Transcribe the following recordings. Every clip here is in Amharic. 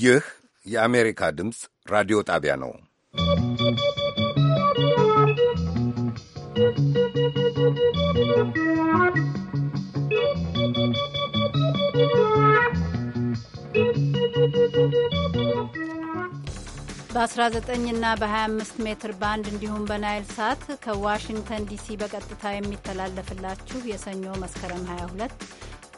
ይህ የአሜሪካ ድምፅ ራዲዮ ጣቢያ ነው። በ19 እና በ25 ሜትር ባንድ እንዲሁም በናይል ሳት ከዋሽንግተን ዲሲ በቀጥታ የሚተላለፍላችሁ የሰኞ መስከረም 22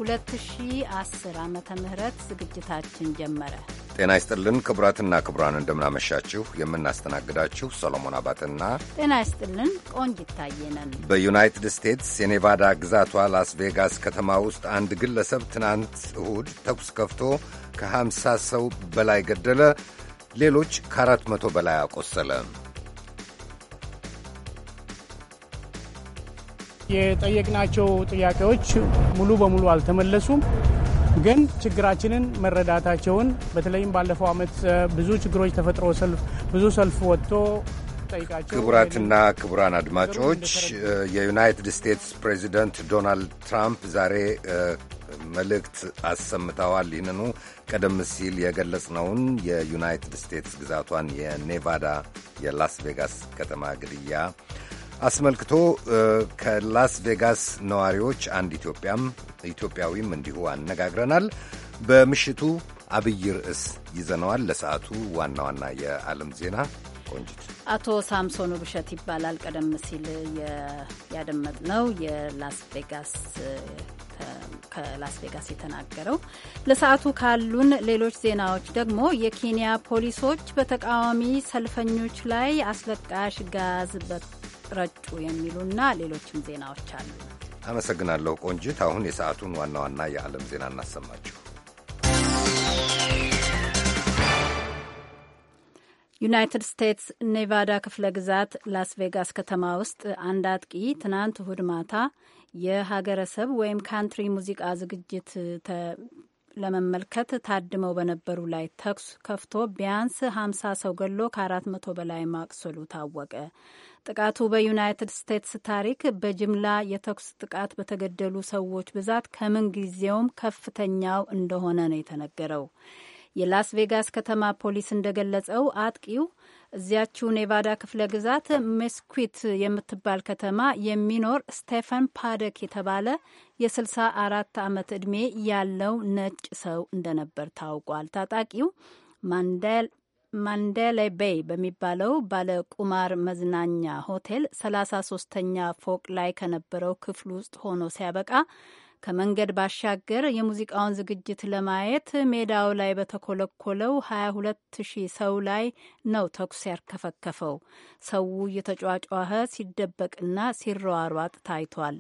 2010 ዓ ም ዝግጅታችን ጀመረ። ጤና ይስጥልን ክቡራትና ክቡራን፣ እንደምናመሻችሁ። የምናስተናግዳችሁ ሰሎሞን አባትና ጤና ይስጥልን ቆንጅ ታየ በዩናይትድ ስቴትስ የኔቫዳ ግዛቷ ላስ ቬጋስ ከተማ ውስጥ አንድ ግለሰብ ትናንት እሁድ ተኩስ ከፍቶ ከ50 ሰው በላይ ገደለ፣ ሌሎች ከ400 በላይ አቆሰለ። የጠየቅናቸው ጥያቄዎች ሙሉ በሙሉ አልተመለሱም። ግን ችግራችንን መረዳታቸውን በተለይም ባለፈው ዓመት ብዙ ችግሮች ተፈጥሮ ብዙ ሰልፍ ወጥቶ ክቡራትና ክቡራን አድማጮች የዩናይትድ ስቴትስ ፕሬዚደንት ዶናልድ ትራምፕ ዛሬ መልእክት አሰምተዋል። ይህንኑ ቀደም ሲል የገለጽነውን የዩናይትድ ስቴትስ ግዛቷን የኔቫዳ የላስ ቬጋስ ከተማ ግድያ አስመልክቶ ከላስ ቬጋስ ነዋሪዎች አንድ ኢትዮጵያም ኢትዮጵያዊም እንዲሁ አነጋግረናል። በምሽቱ አብይ ርዕስ ይዘነዋል። ለሰዓቱ ዋና ዋና የዓለም ዜና ቆንጅት። አቶ ሳምሶኑ ብሸት ይባላል። ቀደም ሲል ያደመጥነው የላስ ቬጋስ ከላስ ቬጋስ የተናገረው። ለሰዓቱ ካሉን ሌሎች ዜናዎች ደግሞ የኬንያ ፖሊሶች በተቃዋሚ ሰልፈኞች ላይ አስለቃሽ ጋዝ ረጩ የሚሉና ሌሎችም ዜናዎች አሉ። አመሰግናለሁ ቆንጂት። አሁን የሰዓቱን ዋና ዋና የዓለም ዜና እናሰማችሁ። ዩናይትድ ስቴትስ ኔቫዳ ክፍለ ግዛት ላስ ቬጋስ ከተማ ውስጥ አንድ አጥቂ ትናንት እሁድ ማታ የሀገረሰብ ወይም ካንትሪ ሙዚቃ ዝግጅት ለመመልከት ታድመው በነበሩ ላይ ተኩስ ከፍቶ ቢያንስ ሀምሳ ሰው ገሎ ከአራት መቶ በላይ ማቁሰሉ ታወቀ። ጥቃቱ በዩናይትድ ስቴትስ ታሪክ በጅምላ የተኩስ ጥቃት በተገደሉ ሰዎች ብዛት ከምን ጊዜውም ከፍተኛው እንደሆነ ነው የተነገረው። የላስ ቬጋስ ከተማ ፖሊስ እንደገለጸው አጥቂው እዚያችው ኔቫዳ ክፍለ ግዛት ሜስኩዊት የምትባል ከተማ የሚኖር ስቴፈን ፓደክ የተባለ የ64 ዓመት ዕድሜ ያለው ነጭ ሰው እንደነበር ታውቋል። ታጣቂው ማንዴላይ ቤይ በሚባለው ባለ ቁማር መዝናኛ ሆቴል 33ተኛ ፎቅ ላይ ከነበረው ክፍል ውስጥ ሆኖ ሲያበቃ ከመንገድ ባሻገር የሙዚቃውን ዝግጅት ለማየት ሜዳው ላይ በተኮለኮለው 22ሺህ ሰው ላይ ነው ተኩስ ያርከፈከፈው። ሰው እየተጯጯኸ ሲደበቅና ሲሯሯጥ ታይቷል።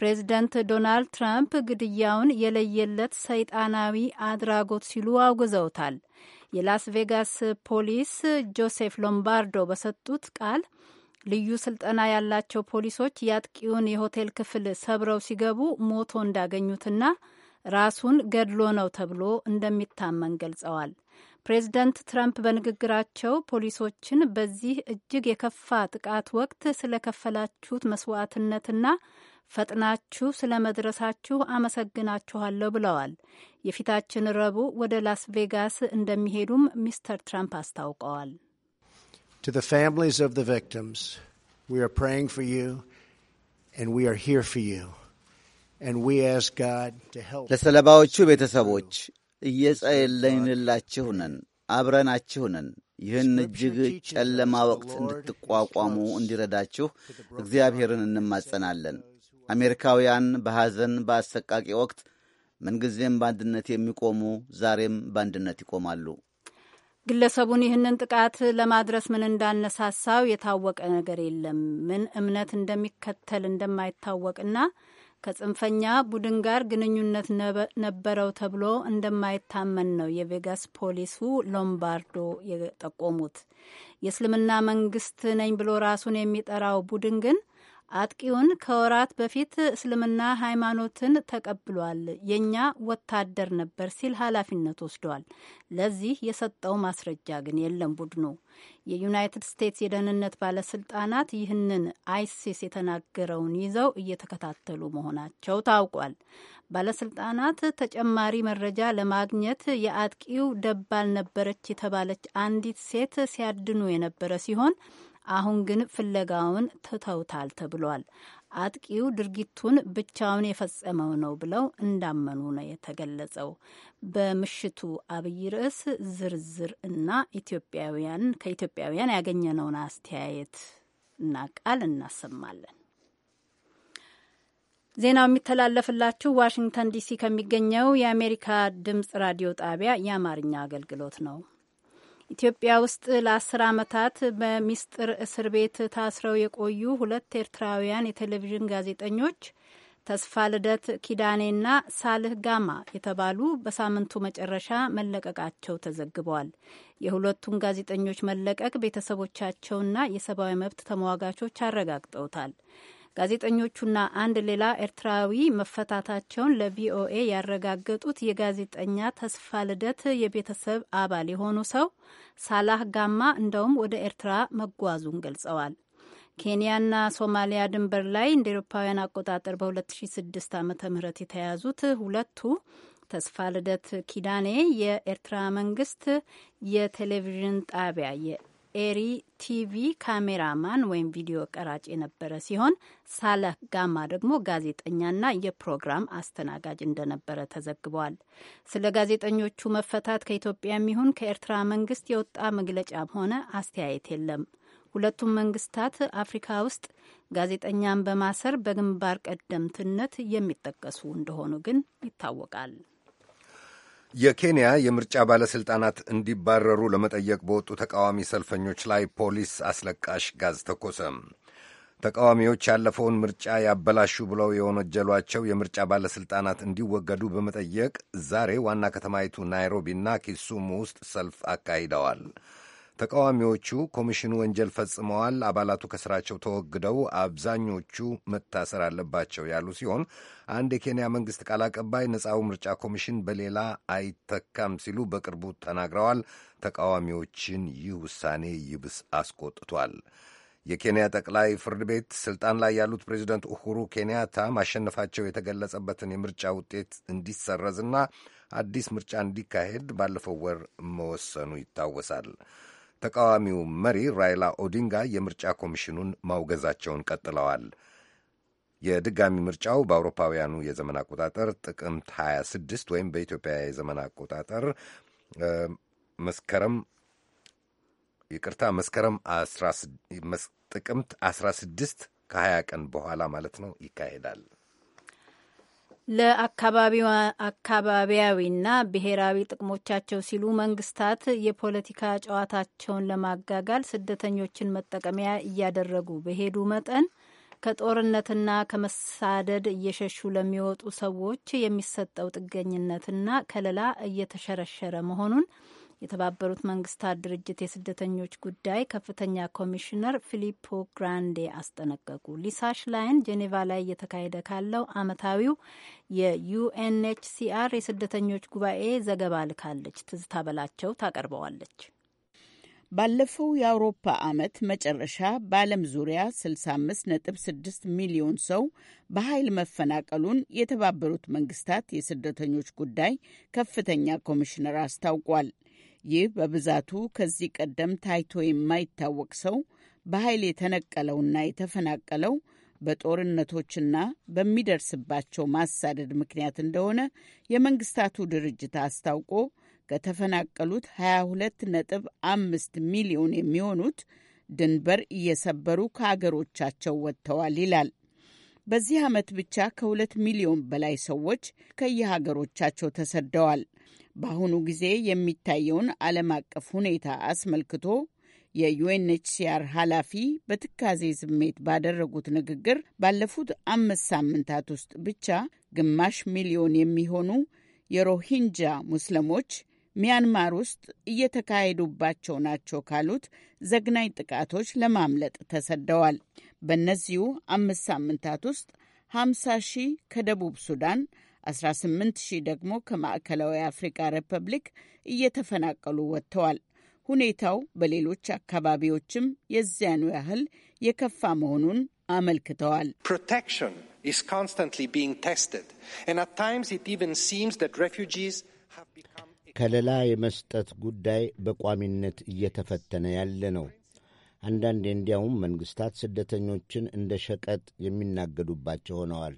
ፕሬዚደንት ዶናልድ ትራምፕ ግድያውን የለየለት ሰይጣናዊ አድራጎት ሲሉ አውግዘውታል። የላስ ቬጋስ ፖሊስ ጆሴፍ ሎምባርዶ በሰጡት ቃል ልዩ ስልጠና ያላቸው ፖሊሶች የአጥቂውን የሆቴል ክፍል ሰብረው ሲገቡ ሞቶ እንዳገኙትና ራሱን ገድሎ ነው ተብሎ እንደሚታመን ገልጸዋል። ፕሬዝደንት ትራምፕ በንግግራቸው ፖሊሶችን በዚህ እጅግ የከፋ ጥቃት ወቅት ስለከፈላችሁት መስዋዕትነትና ፈጥናችሁ ስለ መድረሳችሁ አመሰግናችኋለሁ ብለዋል። የፊታችን ረቡዕ ወደ ላስ ቬጋስ እንደሚሄዱም ሚስተር ትራምፕ አስታውቀዋል። To the families of the victims, we are praying for you and we are here for you. And we ask God to help. ለሰለባዎቹ ቤተሰቦች እየጸለይንላችሁ ነን፣ አብረናችሁ ነን። ይህን እጅግ ጨለማ ወቅት እንድትቋቋሙ እንዲረዳችሁ እግዚአብሔርን እንማጸናለን። አሜሪካውያን በሐዘን በአሰቃቂ ወቅት ምንጊዜም በአንድነት የሚቆሙ ዛሬም በአንድነት ይቆማሉ። ግለሰቡን ይህንን ጥቃት ለማድረስ ምን እንዳነሳሳው የታወቀ ነገር የለም። ምን እምነት እንደሚከተል እንደማይታወቅና ከጽንፈኛ ቡድን ጋር ግንኙነት ነበረው ተብሎ እንደማይታመን ነው የቬጋስ ፖሊሱ ሎምባርዶ የጠቆሙት። የእስልምና መንግስት ነኝ ብሎ ራሱን የሚጠራው ቡድን ግን አጥቂውን ከወራት በፊት እስልምና ሃይማኖትን ተቀብሏል፣ የእኛ ወታደር ነበር ሲል ኃላፊነት ወስዷል። ለዚህ የሰጠው ማስረጃ ግን የለም። ቡድኑ የዩናይትድ ስቴትስ የደህንነት ባለስልጣናት ይህንን አይሲስ የተናገረውን ይዘው እየተከታተሉ መሆናቸው ታውቋል። ባለስልጣናት ተጨማሪ መረጃ ለማግኘት የአጥቂው ደባል ነበረች የተባለች አንዲት ሴት ሲያድኑ የነበረ ሲሆን አሁን ግን ፍለጋውን ትተውታል ተብሏል። አጥቂው ድርጊቱን ብቻውን የፈጸመው ነው ብለው እንዳመኑ ነው የተገለጸው። በምሽቱ አብይ ርዕስ ዝርዝር እና ኢትዮጵያውያን ከኢትዮጵያውያን ያገኘነውን አስተያየት እና ቃል እናሰማለን። ዜናው የሚተላለፍላችሁ ዋሽንግተን ዲሲ ከሚገኘው የአሜሪካ ድምጽ ራዲዮ ጣቢያ የአማርኛ አገልግሎት ነው። ኢትዮጵያ ውስጥ ለአስር ዓመታት በሚስጥር እስር ቤት ታስረው የቆዩ ሁለት ኤርትራውያን የቴሌቪዥን ጋዜጠኞች ተስፋ ልደት ኪዳኔና ሳልህ ጋማ የተባሉ በሳምንቱ መጨረሻ መለቀቃቸው ተዘግበዋል። የሁለቱን ጋዜጠኞች መለቀቅ ቤተሰቦቻቸውና የሰብአዊ መብት ተሟጋቾች አረጋግጠውታል። ጋዜጠኞቹና አንድ ሌላ ኤርትራዊ መፈታታቸውን ለቪኦኤ ያረጋገጡት የጋዜጠኛ ተስፋ ልደት የቤተሰብ አባል የሆኑ ሰው ሳላህ ጋማ እንደውም ወደ ኤርትራ መጓዙን ገልጸዋል። ኬንያና ሶማሊያ ድንበር ላይ እንደ ኤሮፓውያን አቆጣጠር በ2006 ዓ ም የተያዙት ሁለቱ ተስፋ ልደት ኪዳኔ የኤርትራ መንግስት የቴሌቪዥን ጣቢያ ኤሪ ቲቪ ካሜራማን ወይም ቪዲዮ ቀራጭ የነበረ ሲሆን ሳለህ ጋማ ደግሞ ጋዜጠኛና የፕሮግራም አስተናጋጅ እንደነበረ ተዘግቧል። ስለ ጋዜጠኞቹ መፈታት ከኢትዮጵያ የሚሆን ከኤርትራ መንግስት የወጣ መግለጫም ሆነ አስተያየት የለም። ሁለቱም መንግስታት አፍሪካ ውስጥ ጋዜጠኛን በማሰር በግንባር ቀደምትነት የሚጠቀሱ እንደሆኑ ግን ይታወቃል። የኬንያ የምርጫ ባለሥልጣናት እንዲባረሩ ለመጠየቅ በወጡ ተቃዋሚ ሰልፈኞች ላይ ፖሊስ አስለቃሽ ጋዝ ተኮሰ። ተቃዋሚዎች ያለፈውን ምርጫ ያበላሹ ብለው የወነጀሏቸው የምርጫ ባለሥልጣናት እንዲወገዱ በመጠየቅ ዛሬ ዋና ከተማይቱ ናይሮቢና ኪሱሙ ውስጥ ሰልፍ አካሂደዋል። ተቃዋሚዎቹ ኮሚሽኑ ወንጀል ፈጽመዋል፣ አባላቱ ከስራቸው ተወግደው አብዛኞቹ መታሰር አለባቸው ያሉ ሲሆን አንድ የኬንያ መንግስት ቃል አቀባይ ነፃው ምርጫ ኮሚሽን በሌላ አይተካም ሲሉ በቅርቡ ተናግረዋል። ተቃዋሚዎችን ይህ ውሳኔ ይብስ አስቆጥቷል። የኬንያ ጠቅላይ ፍርድ ቤት ስልጣን ላይ ያሉት ፕሬዚደንት ኡሁሩ ኬንያታ ማሸነፋቸው የተገለጸበትን የምርጫ ውጤት እንዲሰረዝና አዲስ ምርጫ እንዲካሄድ ባለፈው ወር መወሰኑ ይታወሳል። ተቃዋሚው መሪ ራይላ ኦዲንጋ የምርጫ ኮሚሽኑን ማውገዛቸውን ቀጥለዋል። የድጋሚ ምርጫው በአውሮፓውያኑ የዘመን አቆጣጠር ጥቅምት 26 ወይም በኢትዮጵያ የዘመን አቆጣጠር መስከረም ይቅርታ መስከረም ጥቅምት 16 ከ20 ቀን በኋላ ማለት ነው ይካሄዳል። ለአካባቢያዊና ብሔራዊ ጥቅሞቻቸው ሲሉ መንግስታት የፖለቲካ ጨዋታቸውን ለማጋጋል ስደተኞችን መጠቀሚያ እያደረጉ በሄዱ መጠን ከጦርነትና ከመሳደድ እየሸሹ ለሚወጡ ሰዎች የሚሰጠው ጥገኝነትና ከለላ እየተሸረሸረ መሆኑን የተባበሩት መንግስታት ድርጅት የስደተኞች ጉዳይ ከፍተኛ ኮሚሽነር ፊሊፖ ግራንዴ አስጠነቀቁ። ሊሳ ሽላይን ጄኔቫ ላይ እየተካሄደ ካለው አመታዊው የዩኤንኤችሲአር የስደተኞች ጉባኤ ዘገባ ልካለች። ትዝታ በላቸው ታቀርበዋለች። ባለፈው የአውሮፓ አመት መጨረሻ በዓለም ዙሪያ 65.6 ሚሊዮን ሰው በኃይል መፈናቀሉን የተባበሩት መንግስታት የስደተኞች ጉዳይ ከፍተኛ ኮሚሽነር አስታውቋል። ይህ በብዛቱ ከዚህ ቀደም ታይቶ የማይታወቅ ሰው በኃይል የተነቀለውና የተፈናቀለው በጦርነቶችና በሚደርስባቸው ማሳደድ ምክንያት እንደሆነ የመንግስታቱ ድርጅት አስታውቆ ከተፈናቀሉት 22 ነጥብ አምስት ሚሊዮን የሚሆኑት ድንበር እየሰበሩ ከአገሮቻቸው ወጥተዋል ይላል። በዚህ ዓመት ብቻ ከሁለት ሚሊዮን በላይ ሰዎች ከየሀገሮቻቸው ተሰደዋል። በአሁኑ ጊዜ የሚታየውን ዓለም አቀፍ ሁኔታ አስመልክቶ የዩኤንኤችሲአር ኃላፊ በትካዜ ስሜት ባደረጉት ንግግር ባለፉት አምስት ሳምንታት ውስጥ ብቻ ግማሽ ሚሊዮን የሚሆኑ የሮሂንጃ ሙስሊሞች ሚያንማር ውስጥ እየተካሄዱባቸው ናቸው ካሉት ዘግናኝ ጥቃቶች ለማምለጥ ተሰደዋል። በእነዚሁ አምስት ሳምንታት ውስጥ 50 ሺህ ከደቡብ ሱዳን 18,000 ሺህ ደግሞ ከማዕከላዊ አፍሪካ ሪፐብሊክ እየተፈናቀሉ ወጥተዋል። ሁኔታው በሌሎች አካባቢዎችም የዚያኑ ያህል የከፋ መሆኑን አመልክተዋል። ከለላ የመስጠት ጉዳይ በቋሚነት እየተፈተነ ያለ ነው። አንዳንዴ እንዲያውም መንግሥታት ስደተኞችን እንደ ሸቀጥ የሚናገዱባቸው ሆነዋል።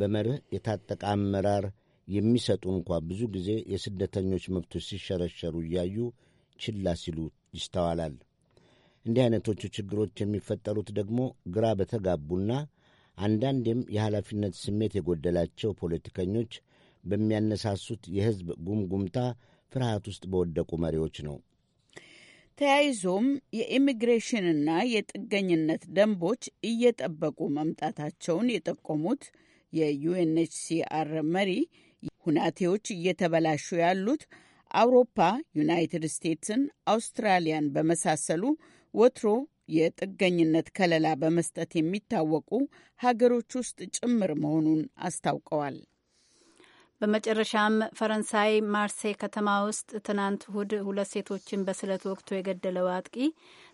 በመርህ የታጠቀ አመራር የሚሰጡ እንኳ ብዙ ጊዜ የስደተኞች መብቶች ሲሸረሸሩ እያዩ ችላ ሲሉ ይስተዋላል። እንዲህ አይነቶቹ ችግሮች የሚፈጠሩት ደግሞ ግራ በተጋቡና አንዳንዴም የኃላፊነት ስሜት የጎደላቸው ፖለቲከኞች በሚያነሳሱት የሕዝብ ጉምጉምታ ፍርሃት ውስጥ በወደቁ መሪዎች ነው። ተያይዞም የኢሚግሬሽንና የጥገኝነት ደንቦች እየጠበቁ መምጣታቸውን የጠቆሙት የዩኤንኤችሲአር መሪ ሁናቴዎች እየተበላሹ ያሉት አውሮፓ ዩናይትድ ስቴትስን፣ አውስትራሊያን በመሳሰሉ ወትሮ የጥገኝነት ከለላ በመስጠት የሚታወቁ ሀገሮች ውስጥ ጭምር መሆኑን አስታውቀዋል። በመጨረሻም ፈረንሳይ ማርሴይ ከተማ ውስጥ ትናንት እሁድ ሁለት ሴቶችን በስለት ወቅቶ የገደለው አጥቂ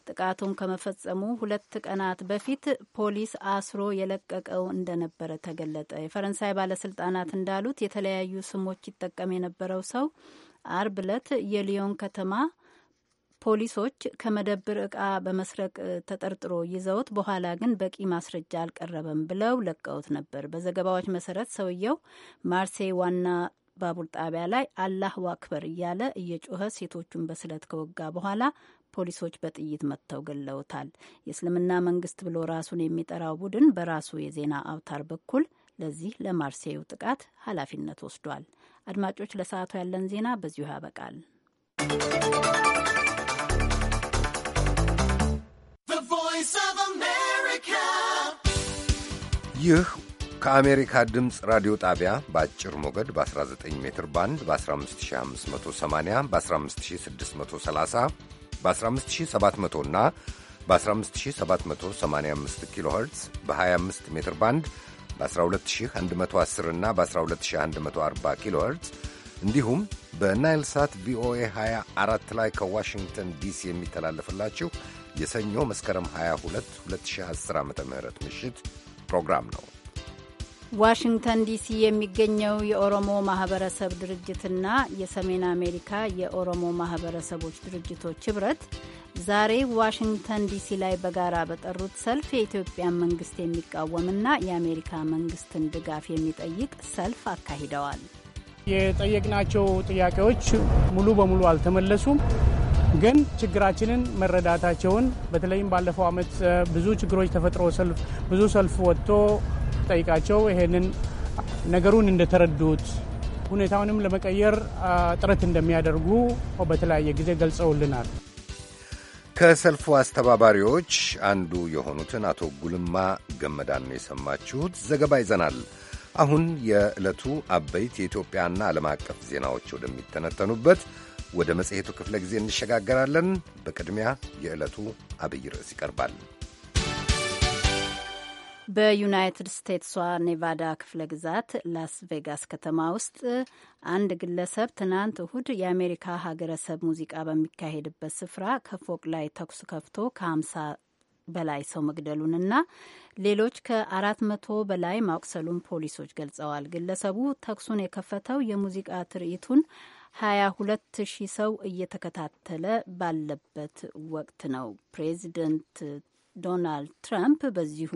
ጥቃቱን ከመፈጸሙ ሁለት ቀናት በፊት ፖሊስ አስሮ የለቀቀው እንደነበረ ተገለጠ። የፈረንሳይ ባለስልጣናት እንዳሉት የተለያዩ ስሞች ይጠቀም የነበረው ሰው አርብ ዕለት የሊዮን ከተማ ፖሊሶች ከመደብር እቃ በመስረቅ ተጠርጥሮ ይዘውት በኋላ ግን በቂ ማስረጃ አልቀረበም ብለው ለቀውት ነበር። በዘገባዎች መሰረት ሰውየው ማርሴይ ዋና ባቡር ጣቢያ ላይ አላህ ዋክበር እያለ እየጮኸ ሴቶቹን በስለት ከወጋ በኋላ ፖሊሶች በጥይት መጥተው ገለውታል። የእስልምና መንግስት ብሎ ራሱን የሚጠራው ቡድን በራሱ የዜና አውታር በኩል ለዚህ ለማርሴዩ ጥቃት ኃላፊነት ወስዷል። አድማጮች፣ ለሰዓቱ ያለን ዜና በዚሁ ያበቃል። ይህ ከአሜሪካ ድምፅ ራዲዮ ጣቢያ በአጭር ሞገድ በ19 ሜትር ባንድ በ15580 በ15630 በ15700 እና በ15785 ኪሎ ኸርትዝ በ25 ሜትር ባንድ በ12110 እና በ12140 ኪሎ ኸርትዝ እንዲሁም በናይል ሳት ቪኦኤ 24 ላይ ከዋሽንግተን ዲሲ የሚተላለፍላችሁ የሰኞ መስከረም 22 2010 ዓ ም ምሽት ፕሮግራም ነው። ዋሽንግተን ዲሲ የሚገኘው የኦሮሞ ማህበረሰብ ድርጅትና የሰሜን አሜሪካ የኦሮሞ ማህበረሰቦች ድርጅቶች ህብረት ዛሬ ዋሽንግተን ዲሲ ላይ በጋራ በጠሩት ሰልፍ የኢትዮጵያን መንግስት የሚቃወምና የአሜሪካ መንግስትን ድጋፍ የሚጠይቅ ሰልፍ አካሂደዋል። የጠየቅናቸው ጥያቄዎች ሙሉ በሙሉ አልተመለሱም። ግን ችግራችንን መረዳታቸውን በተለይም ባለፈው ዓመት ብዙ ችግሮች ተፈጥሮ ሰልፍ ብዙ ሰልፍ ወጥቶ ስንጠይቃቸው ይሄንን ነገሩን እንደተረዱት ሁኔታውንም ለመቀየር ጥረት እንደሚያደርጉ በተለያየ ጊዜ ገልጸውልናል። ከሰልፉ አስተባባሪዎች አንዱ የሆኑትን አቶ ጉልማ ገመዳን የሰማችሁት። ዘገባ ይዘናል። አሁን የዕለቱ አበይት የኢትዮጵያና ዓለም አቀፍ ዜናዎች ወደሚተነተኑበት ወደ መጽሔቱ ክፍለ ጊዜ እንሸጋገራለን። በቅድሚያ የዕለቱ አብይ ርዕስ ይቀርባል። በዩናይትድ ስቴትሷ ኔቫዳ ክፍለ ግዛት ላስ ቬጋስ ከተማ ውስጥ አንድ ግለሰብ ትናንት እሁድ የአሜሪካ ሀገረሰብ ሙዚቃ በሚካሄድበት ስፍራ ከፎቅ ላይ ተኩስ ከፍቶ ከሀምሳ በላይ ሰው መግደሉንና ሌሎች ከአራት መቶ በላይ ማቁሰሉን ፖሊሶች ገልጸዋል። ግለሰቡ ተኩሱን የከፈተው የሙዚቃ ትርኢቱን ሀያ ሁለት ሺህ ሰው እየተከታተለ ባለበት ወቅት ነው። ፕሬዚደንት ዶናልድ ትራምፕ በዚሁ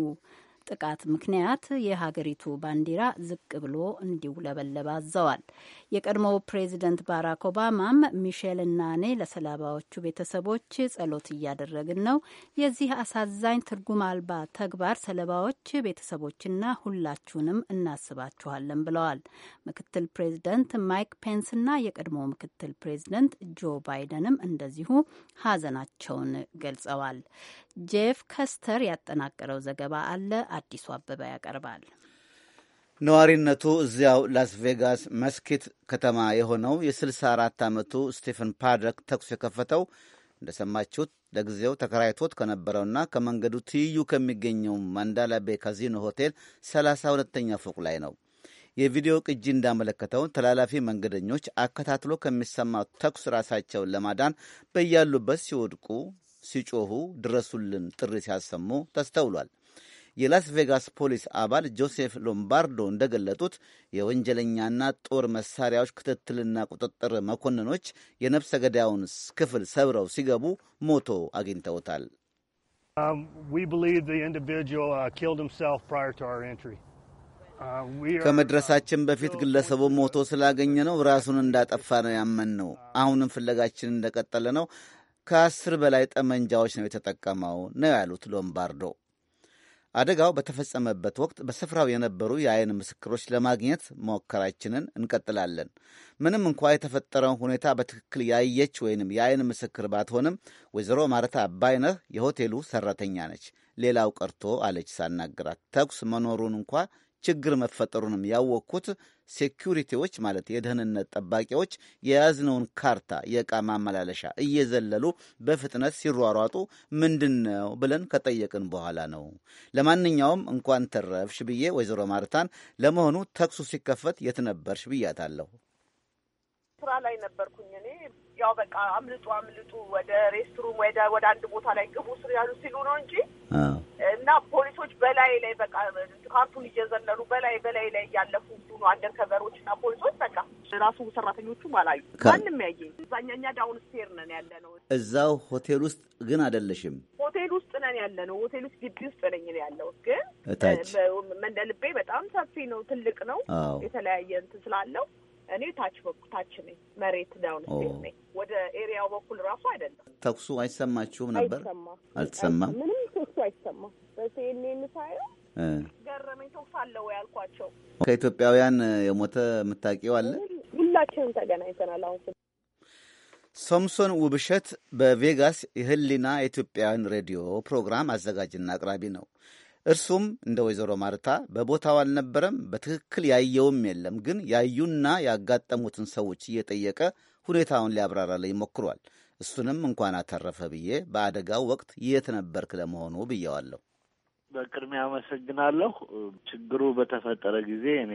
ጥቃት ምክንያት የሀገሪቱ ባንዲራ ዝቅ ብሎ እንዲውለበለብ አዘዋል። የቀድሞው ፕሬዚደንት ባራክ ኦባማም ሚሼል እና እኔ ለሰለባዎቹ ቤተሰቦች ጸሎት እያደረግን ነው። የዚህ አሳዛኝ ትርጉም አልባ ተግባር ሰለባዎች ቤተሰቦችና ሁላችሁንም እናስባችኋለን ብለዋል። ምክትል ፕሬዚደንት ማይክ ፔንስና የቀድሞ ምክትል ፕሬዚደንት ጆ ባይደንም እንደዚሁ ሀዘናቸውን ገልጸዋል። ጄፍ ከስተር ያጠናቀረው ዘገባ አለ። አዲሱ አበባ ያቀርባል። ነዋሪነቱ እዚያው ላስ ቬጋስ መስኪት ከተማ የሆነው የ64 ዓመቱ ስቲፈን ፓድረክ ተኩስ የከፈተው እንደሰማችሁት ለጊዜው ተከራይቶት ከነበረውና ከመንገዱ ትይዩ ከሚገኘው ማንዳላ ቤ ካዚኖ ሆቴል 32ኛ ፎቅ ላይ ነው። የቪዲዮ ቅጂ እንዳመለከተው ተላላፊ መንገደኞች አከታትሎ ከሚሰማው ተኩስ ራሳቸውን ለማዳን በያሉበት ሲወድቁ ሲጮሁ ድረሱልን ጥሪ ሲያሰሙ ተስተውሏል። የላስ ቬጋስ ፖሊስ አባል ጆሴፍ ሎምባርዶ እንደገለጡት የወንጀለኛና ጦር መሳሪያዎች ክትትልና ቁጥጥር መኮንኖች የነፍሰ ገዳዩን ክፍል ሰብረው ሲገቡ ሞቶ አግኝተውታል። um, uh, um, ከመድረሳችን uh, በፊት ግለሰቡ ሞቶ ስላገኘ ነው ራሱን እንዳጠፋ ነው ያመን ነው። አሁንም ፍለጋችን እንደቀጠለ ነው። ከአስር በላይ ጠመንጃዎች ነው የተጠቀመው ነው ያሉት ሎምባርዶ። አደጋው በተፈጸመበት ወቅት በስፍራው የነበሩ የአይን ምስክሮች ለማግኘት መሞከራችንን እንቀጥላለን። ምንም እንኳ የተፈጠረውን ሁኔታ በትክክል ያየች ወይንም የአይን ምስክር ባትሆንም ወይዘሮ ማረታ አባይነህ የሆቴሉ ሰራተኛ ነች። ሌላው ቀርቶ አለች ሳናግራት፣ ተኩስ መኖሩን እንኳ ችግር መፈጠሩንም ያወቅኩት ሴኩሪቲዎች ማለት የደህንነት ጠባቂዎች የያዝነውን ካርታ የእቃ ማመላለሻ እየዘለሉ በፍጥነት ሲሯሯጡ ምንድን ነው ብለን ከጠየቅን በኋላ ነው። ለማንኛውም እንኳን ተረፍሽ ብዬ ወይዘሮ ማርታን ለመሆኑ ተኩሱ ሲከፈት የት ነበርሽ ብያታለሁ። ስራ ላይ ነበርኩኝ እኔ። ያው በቃ አምልጡ አምልጡ፣ ወደ ሬስትሩም ወደ ወደ አንድ ቦታ ላይ ግቡ ያሉ ሲሉ ነው እንጂ እና ፖሊሶች በላይ ላይ በቃ ካርቱን እየዘለሉ በላይ በላይ ላይ እያለፉ ሁሉ አንደርከቨሮች እና ፖሊሶች በቃ ራሱ ሰራተኞቹ አላዩ ማንም ያየ እዛኛኛ ዳውን ስቴር ነን ያለ ነው። እዛው ሆቴል ውስጥ ግን አይደለሽም። ሆቴል ውስጥ ነን ያለ ነው። ሆቴል ውስጥ ግቢ ውስጥ ነኝ ያለው ግን እንደ ልቤ በጣም ሰፊ ነው፣ ትልቅ ነው። የተለያየ እንትን ስላለው እኔ ታች በኩል ታች ነኝ፣ መሬት ዳውን ስቴት ነኝ። ወደ ኤሪያው በኩል ራሱ አይደለም። ተኩሱ አይሰማችሁም ነበር? አልተሰማም። ምንም ተኩሱ አይሰማም። በሴኔን ሳየው ገረመኝ። ተኩስ አለው ያልኳቸው ከኢትዮጵያውያን የሞተ የምታውቂው አለ? ሁላችንም ተገናኝተናል። አሁን ሶምሶን ውብሸት በቬጋስ የህሊና የኢትዮጵያውያን ሬዲዮ ፕሮግራም አዘጋጅና አቅራቢ ነው። እርሱም እንደ ወይዘሮ ማርታ በቦታው አልነበረም፣ በትክክል ያየውም የለም። ግን ያዩና ያጋጠሙትን ሰዎች እየጠየቀ ሁኔታውን ሊያብራራልኝ ሞክሯል። እሱንም እንኳን አተረፈ ብዬ በአደጋው ወቅት የት ነበርክ ለመሆኑ ብየዋለሁ። በቅድሚያ አመሰግናለሁ። ችግሩ በተፈጠረ ጊዜ እኔ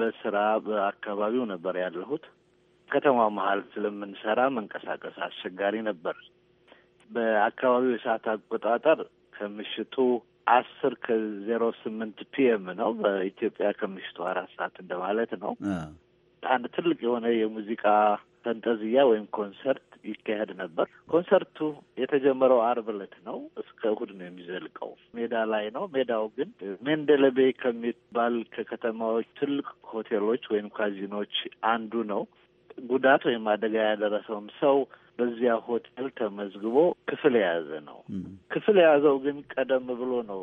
በስራ በአካባቢው ነበር ያለሁት። ከተማ መሀል ስለምንሰራ መንቀሳቀስ አስቸጋሪ ነበር። በአካባቢው የሰዓት አቆጣጠር ከምሽቱ አስር ከዜሮ ስምንት ፒኤም ነው በኢትዮጵያ ከምሽቱ አራት ሰዓት እንደማለት ነው። አንድ ትልቅ የሆነ የሙዚቃ ፈንጠዝያ ወይም ኮንሰርት ይካሄድ ነበር። ኮንሰርቱ የተጀመረው አርብ ዕለት ነው። እስከ እሁድ ነው የሚዘልቀው። ሜዳ ላይ ነው። ሜዳው ግን ሜንደለቤ ከሚባል ከከተማዎች ትልቅ ሆቴሎች ወይም ካዚኖች አንዱ ነው። ጉዳት ወይም አደጋ ያደረሰውም ሰው በዚያ ሆቴል ተመዝግቦ ክፍል የያዘ ነው። ክፍል የያዘው ግን ቀደም ብሎ ነው።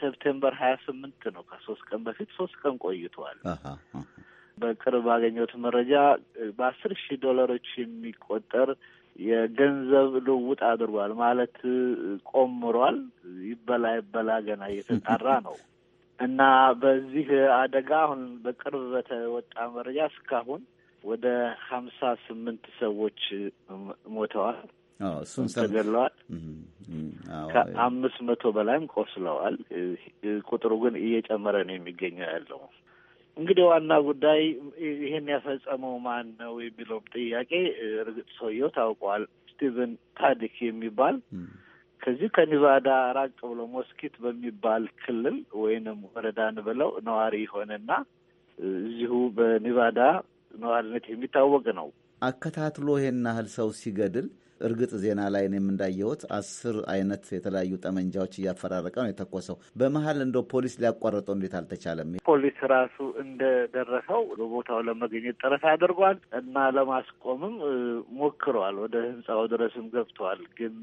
ሴፕቴምበር ሀያ ስምንት ነው። ከሶስት ቀን በፊት ሶስት ቀን ቆይተዋል። በቅርብ ባገኘሁት መረጃ በአስር ሺህ ዶላሮች የሚቆጠር የገንዘብ ልውውጥ አድርጓል። ማለት ቆምሯል። ይበላ ይበላ ገና እየተጣራ ነው እና በዚህ አደጋ አሁን በቅርብ በተወጣ መረጃ እስካሁን ወደ ሀምሳ ስምንት ሰዎች ሞተዋል፣ እሱን ተገለዋል። ከአምስት መቶ በላይም ቆስለዋል። ቁጥሩ ግን እየጨመረ ነው የሚገኘው ያለው። እንግዲህ ዋና ጉዳይ ይህን ያፈጸመው ማን ነው የሚለውም ጥያቄ እርግጥ ሰውየው ታውቋል። ስቲቨን ታዲክ የሚባል ከዚህ ከኒቫዳ ራቅ ብሎ ሞስኪት በሚባል ክልል ወይንም ወረዳን ብለው ነዋሪ የሆነና እዚሁ በኒቫዳ ነዋሪነት የሚታወቅ ነው። አከታትሎ ይሄን ያህል ሰው ሲገድል እርግጥ ዜና ላይ እኔም እንዳየሁት አስር አይነት የተለያዩ ጠመንጃዎች እያፈራረቀ ነው የተኮሰው። በመሀል እንደ ፖሊስ ሊያቋረጠው እንዴት አልተቻለም? ፖሊስ ራሱ እንደደረሰው በቦታው ለመገኘት ጥረት አድርጓል እና ለማስቆምም ሞክረዋል። ወደ ህንፃው ድረስም ገብተዋል። ግን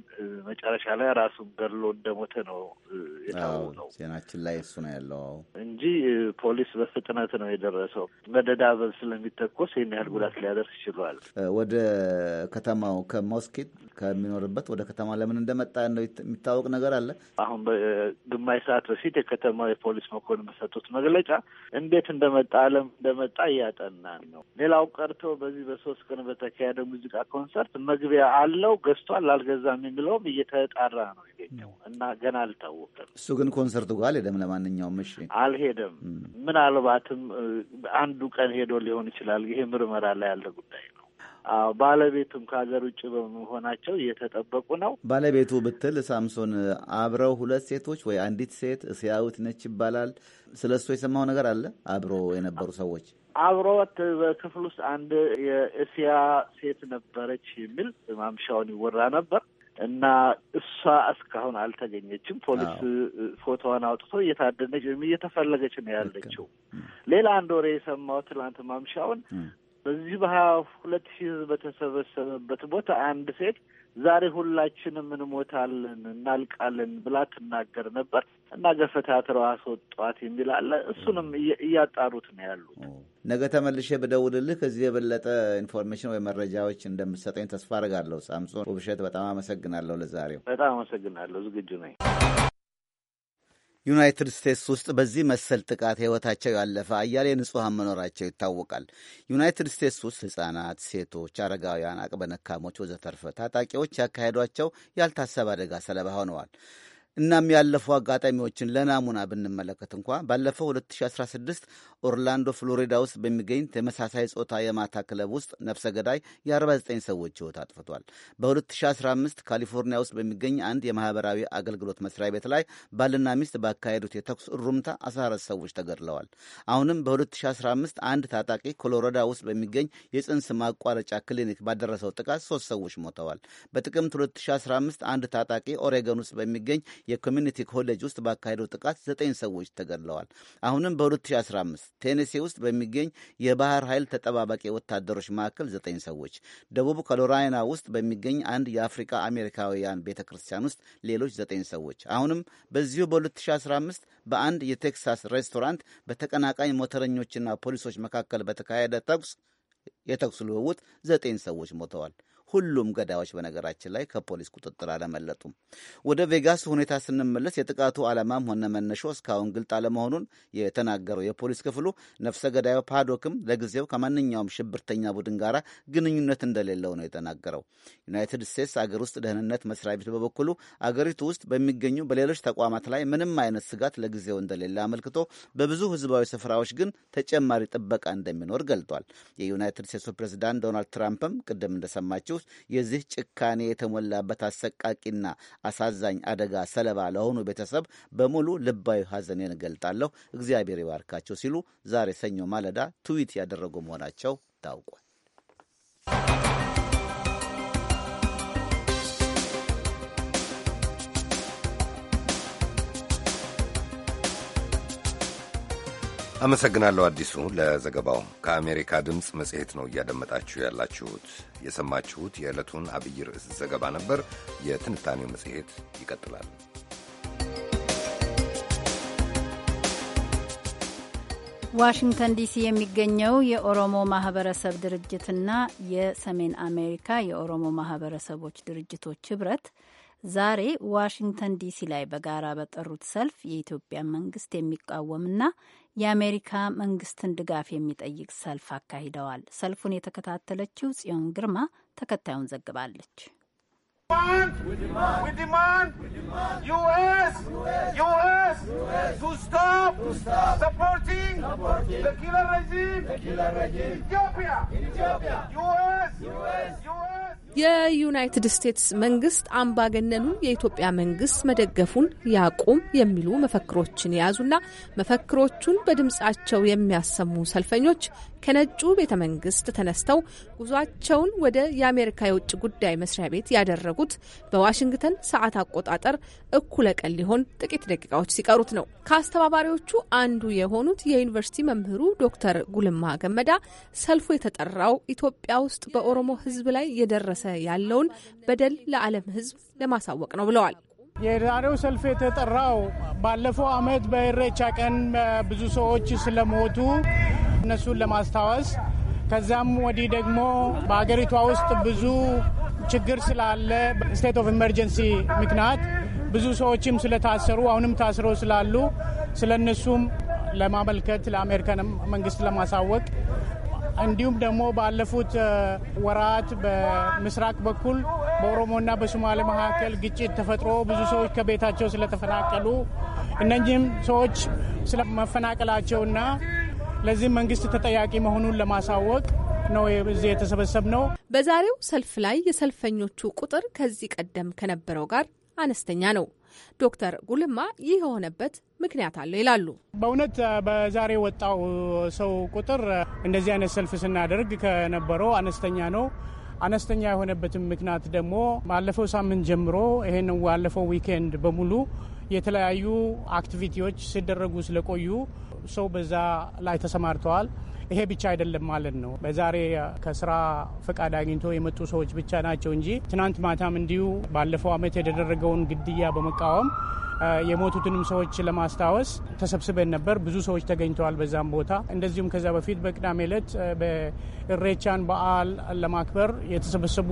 መጨረሻ ላይ ራሱን ገድሎ እንደሞተ ነው የታወቀው። ዜናችን ላይ እሱ ነው ያለው እንጂ ፖሊስ በፍጥነት ነው የደረሰው። መደዳበብ ስለሚተኮስ ይህን ያህል ጉዳት ሊያደርስ ችሏል። ወደ ከተማው ከሞስኪት ከሚኖርበት ወደ ከተማ ለምን እንደመጣ ነው የሚታወቅ ነገር አለ? አሁን በግማሽ ሰዓት በፊት የከተማ የፖሊስ መኮንን በሰጡት መግለጫ እንዴት እንደመጣ አለም እንደመጣ እያጠናን ነው። ሌላው ቀርቶ በዚህ በሶስት ቀን በተካሄደ ሙዚቃ ኮንሰርት መግቢያ አለው ገዝቷል አልገዛም የሚለውም እየተጣራ ነው ይገኘው እና ገና አልታወቀም። እሱ ግን ኮንሰርቱ ጋር አልሄደም። ለማንኛውም እሺ፣ አልሄደም። ምናልባትም አንዱ ቀን ሄዶ ሊሆን ይችላል። ይሄ ምርመራ ላይ ያለ ጉዳይ ነው። ባለቤቱም ከሀገር ውጭ በመሆናቸው እየተጠበቁ ነው። ባለቤቱ ብትል ሳምሶን አብረው ሁለት ሴቶች ወይ አንዲት ሴት እስያዊት ነች ይባላል። ስለ እሱ የሰማው ነገር አለ? አብሮ የነበሩ ሰዎች አብሮት በክፍል ውስጥ አንድ የእስያ ሴት ነበረች የሚል ማምሻውን ይወራ ነበር እና እሷ እስካሁን አልተገኘችም። ፖሊስ ፎቶዋን አውጥቶ እየታደነች ወይም እየተፈለገች ነው ያለችው። ሌላ አንድ ወሬ የሰማው ትላንት ማምሻውን በዚህ በሀያ ሁለት ሺህ ህዝብ በተሰበሰበበት ቦታ አንድ ሴት ዛሬ ሁላችንም እንሞታለን እናልቃለን ብላ ትናገር ነበር እና ገፈታትረው አስወጧት የሚል አለ። እሱንም እያጣሩት ነው ያሉት። ነገ ተመልሼ ብደውልልህ ከዚህ የበለጠ ኢንፎርሜሽን ወይ መረጃዎች እንደምትሰጠኝ ተስፋ አርጋለሁ። ሳምሶን ውብሸት፣ በጣም አመሰግናለሁ። ለዛሬው በጣም አመሰግናለሁ። ዝግጁ ነኝ። ዩናይትድ ስቴትስ ውስጥ በዚህ መሰል ጥቃት ሕይወታቸው ያለፈ አያሌ ንጹሐን መኖራቸው ይታወቃል። ዩናይትድ ስቴትስ ውስጥ ሕጻናት፣ ሴቶች፣ አረጋውያን፣ አቅመ ደካሞች ወዘተርፈ ታጣቂዎች ያካሄዷቸው ያልታሰበ አደጋ ሰለባ ሆነዋል። እናም ያለፉ አጋጣሚዎችን ለናሙና ብንመለከት እንኳ ባለፈው 2016 ኦርላንዶ ፍሎሪዳ ውስጥ በሚገኝ ተመሳሳይ ጾታ የማታ ክለብ ውስጥ ነፍሰ ገዳይ የ49 ሰዎች ሕይወት አጥፍቷል። በ2015 ካሊፎርኒያ ውስጥ በሚገኝ አንድ የማህበራዊ አገልግሎት መስሪያ ቤት ላይ ባልና ሚስት ባካሄዱት የተኩስ እሩምታ 14 ሰዎች ተገድለዋል። አሁንም በ2015 አንድ ታጣቂ ኮሎራዶ ውስጥ በሚገኝ የጽንስ ማቋረጫ ክሊኒክ ባደረሰው ጥቃት ሶስት ሰዎች ሞተዋል። በጥቅምት 2015 አንድ ታጣቂ ኦሬገን ውስጥ በሚገኝ የኮሚኒቲ ኮሌጅ ውስጥ ባካሄደው ጥቃት ዘጠኝ ሰዎች ተገድለዋል። አሁንም በ2015 ቴኔሴ ውስጥ በሚገኝ የባህር ኃይል ተጠባባቂ ወታደሮች መካከል ዘጠኝ ሰዎች፣ ደቡብ ካሮላይና ውስጥ በሚገኝ አንድ የአፍሪካ አሜሪካውያን ቤተ ክርስቲያን ውስጥ ሌሎች ዘጠኝ ሰዎች፣ አሁንም በዚሁ በ2015 በአንድ የቴክሳስ ሬስቶራንት በተቀናቃኝ ሞተረኞችና ፖሊሶች መካከል በተካሄደ ተኩስ የተኩስ ልውውጥ ዘጠኝ ሰዎች ሞተዋል። ሁሉም ገዳዮች በነገራችን ላይ ከፖሊስ ቁጥጥር አለመለጡም። ወደ ቬጋስ ሁኔታ ስንመለስ የጥቃቱ ዓላማም ሆነ መነሾ እስካሁን ግልጥ አለመሆኑን የተናገረው የፖሊስ ክፍሉ ነፍሰ ገዳዩ ፓዶክም ለጊዜው ከማንኛውም ሽብርተኛ ቡድን ጋር ግንኙነት እንደሌለው ነው የተናገረው። ዩናይትድ ስቴትስ አገር ውስጥ ደህንነት መስሪያ ቤት በበኩሉ አገሪቱ ውስጥ በሚገኙ በሌሎች ተቋማት ላይ ምንም አይነት ስጋት ለጊዜው እንደሌለ አመልክቶ በብዙ ህዝባዊ ስፍራዎች ግን ተጨማሪ ጥበቃ እንደሚኖር ገልጧል። የዩናይትድ ስቴትሱ ፕሬዚዳንት ዶናልድ ትራምፕም ቅድም እንደሰማችሁ ውስጥ የዚህ ጭካኔ የተሞላበት አሰቃቂና አሳዛኝ አደጋ ሰለባ ለሆኑ ቤተሰብ በሙሉ ልባዊ ሐዘኔን እገልጣለሁ፣ እግዚአብሔር ይባርካቸው ሲሉ ዛሬ ሰኞ ማለዳ ትዊት ያደረጉ መሆናቸው ታውቋል። አመሰግናለሁ አዲሱ ለዘገባው። ከአሜሪካ ድምፅ መጽሔት ነው እያደመጣችሁ ያላችሁት። የሰማችሁት የዕለቱን አብይ ርዕስ ዘገባ ነበር። የትንታኔው መጽሔት ይቀጥላል። ዋሽንግተን ዲሲ የሚገኘው የኦሮሞ ማህበረሰብ ድርጅትና የሰሜን አሜሪካ የኦሮሞ ማህበረሰቦች ድርጅቶች ህብረት ዛሬ ዋሽንግተን ዲሲ ላይ በጋራ በጠሩት ሰልፍ የኢትዮጵያ መንግስት የሚቃወምና የአሜሪካ መንግስትን ድጋፍ የሚጠይቅ ሰልፍ አካሂደዋል። ሰልፉን የተከታተለችው ጽዮን ግርማ ተከታዩን ዘግባለች። የዩናይትድ ስቴትስ መንግስት አምባገነኑን የኢትዮጵያ መንግስት መደገፉን ያቁም የሚሉ መፈክሮችን የያዙና መፈክሮቹን በድምፃቸው የሚያሰሙ ሰልፈኞች ከነጩ ቤተ መንግስት ተነስተው ጉዟቸውን ወደ የአሜሪካ የውጭ ጉዳይ መስሪያ ቤት ያደረጉት በዋሽንግተን ሰዓት አቆጣጠር እኩለ ቀን ሊሆን ጥቂት ደቂቃዎች ሲቀሩት ነው። ከአስተባባሪዎቹ አንዱ የሆኑት የዩኒቨርሲቲ መምህሩ ዶክተር ጉልማ ገመዳ ሰልፉ የተጠራው ኢትዮጵያ ውስጥ በኦሮሞ ህዝብ ላይ የደረሰ እየደረሰ ያለውን በደል ለዓለም ሕዝብ ለማሳወቅ ነው ብለዋል። የዛሬው ሰልፍ የተጠራው ባለፈው ዓመት በኢሬቻ ቀን ብዙ ሰዎች ስለሞቱ እነሱን ለማስታወስ ከዛም ወዲህ ደግሞ በሀገሪቷ ውስጥ ብዙ ችግር ስላለ ስቴት ኦፍ ኢመርጀንሲ ምክንያት ብዙ ሰዎችም ስለታሰሩ አሁንም ታስረው ስላሉ ስለነሱም ለማመልከት ለአሜሪካን መንግስት ለማሳወቅ እንዲሁም ደግሞ ባለፉት ወራት በምስራቅ በኩል በኦሮሞና በሶማሌ መካከል ግጭት ተፈጥሮ ብዙ ሰዎች ከቤታቸው ስለተፈናቀሉ እነዚህም ሰዎች ስለመፈናቀላቸውና ለዚህም መንግስት ተጠያቂ መሆኑን ለማሳወቅ ነው እዚህ የተሰበሰብ ነው። በዛሬው ሰልፍ ላይ የሰልፈኞቹ ቁጥር ከዚህ ቀደም ከነበረው ጋር አነስተኛ ነው። ዶክተር ጉልማ ይህ የሆነበት ምክንያት አለ ይላሉ። በእውነት በዛሬ ወጣው ሰው ቁጥር እንደዚህ አይነት ሰልፍ ስናደርግ ከነበረው አነስተኛ ነው። አነስተኛ የሆነበትም ምክንያት ደግሞ ባለፈው ሳምንት ጀምሮ ይህን ባለፈው ዊኬንድ በሙሉ የተለያዩ አክቲቪቲዎች ሲደረጉ ስለቆዩ ሰው በዛ ላይ ተሰማርተዋል። ይሄ ብቻ አይደለም ማለት ነው። በዛሬ ከስራ ፈቃድ አግኝቶ የመጡ ሰዎች ብቻ ናቸው እንጂ ትናንት ማታም እንዲሁ ባለፈው ዓመት የተደረገውን ግድያ በመቃወም የሞቱትንም ሰዎች ለማስታወስ ተሰብስበን ነበር። ብዙ ሰዎች ተገኝተዋል በዛም ቦታ። እንደዚሁም ከዛ በፊት በቅዳሜ ዕለት በእሬቻን በዓል ለማክበር የተሰበሰቡ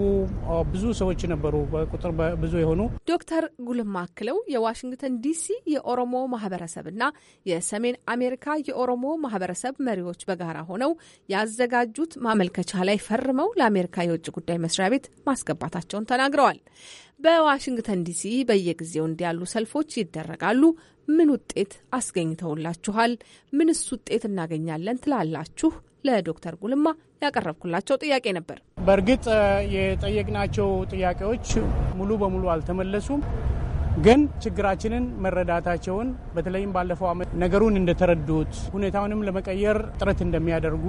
ብዙ ሰዎች ነበሩ፣ በቁጥር ብዙ የሆኑ። ዶክተር ጉልማ አክለው የዋሽንግተን ዲሲ የኦሮሞ ማህበረሰብና የሰሜን አሜሪካ የኦሮሞ ማህበረሰብ መሪዎች በጋራ ሆነው ያዘጋጁት ማመልከቻ ላይ ፈርመው ለአሜሪካ የውጭ ጉዳይ መስሪያ ቤት ማስገባታቸውን ተናግረዋል። በዋሽንግተን ዲሲ በየጊዜው እንዲያሉ ሰልፎች ይደረጋሉ። ምን ውጤት አስገኝተውላችኋል? ምንስ ውጤት እናገኛለን ትላላችሁ? ለዶክተር ጉልማ ያቀረብኩላቸው ጥያቄ ነበር። በእርግጥ የጠየቅናቸው ጥያቄዎች ሙሉ በሙሉ አልተመለሱም፣ ግን ችግራችንን መረዳታቸውን በተለይም ባለፈው ዓመት ነገሩን እንደተረዱት ሁኔታውንም ለመቀየር ጥረት እንደሚያደርጉ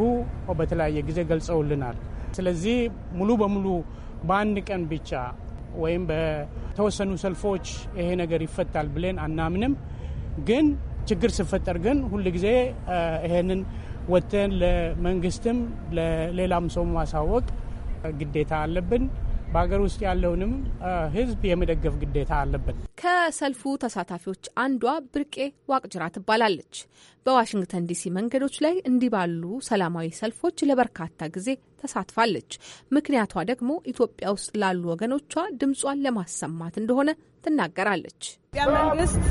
በተለያየ ጊዜ ገልጸውልናል። ስለዚህ ሙሉ በሙሉ በአንድ ቀን ብቻ ወይም በተወሰኑ ሰልፎች ይሄ ነገር ይፈታል ብለን አናምንም። ግን ችግር ሲፈጠር ግን ሁልጊዜ ይሄንን ወጥተን ለመንግስትም ለሌላም ሰው ማሳወቅ ግዴታ አለብን። በሀገር ውስጥ ያለውንም ህዝብ የመደገፍ ግዴታ አለበት። ከሰልፉ ተሳታፊዎች አንዷ ብርቄ ዋቅጅራ ትባላለች። በዋሽንግተን ዲሲ መንገዶች ላይ እንዲህ ባሉ ሰላማዊ ሰልፎች ለበርካታ ጊዜ ተሳትፋለች። ምክንያቷ ደግሞ ኢትዮጵያ ውስጥ ላሉ ወገኖቿ ድምጿን ለማሰማት እንደሆነ ትናገራለች። ኢትዮጵያ መንግስት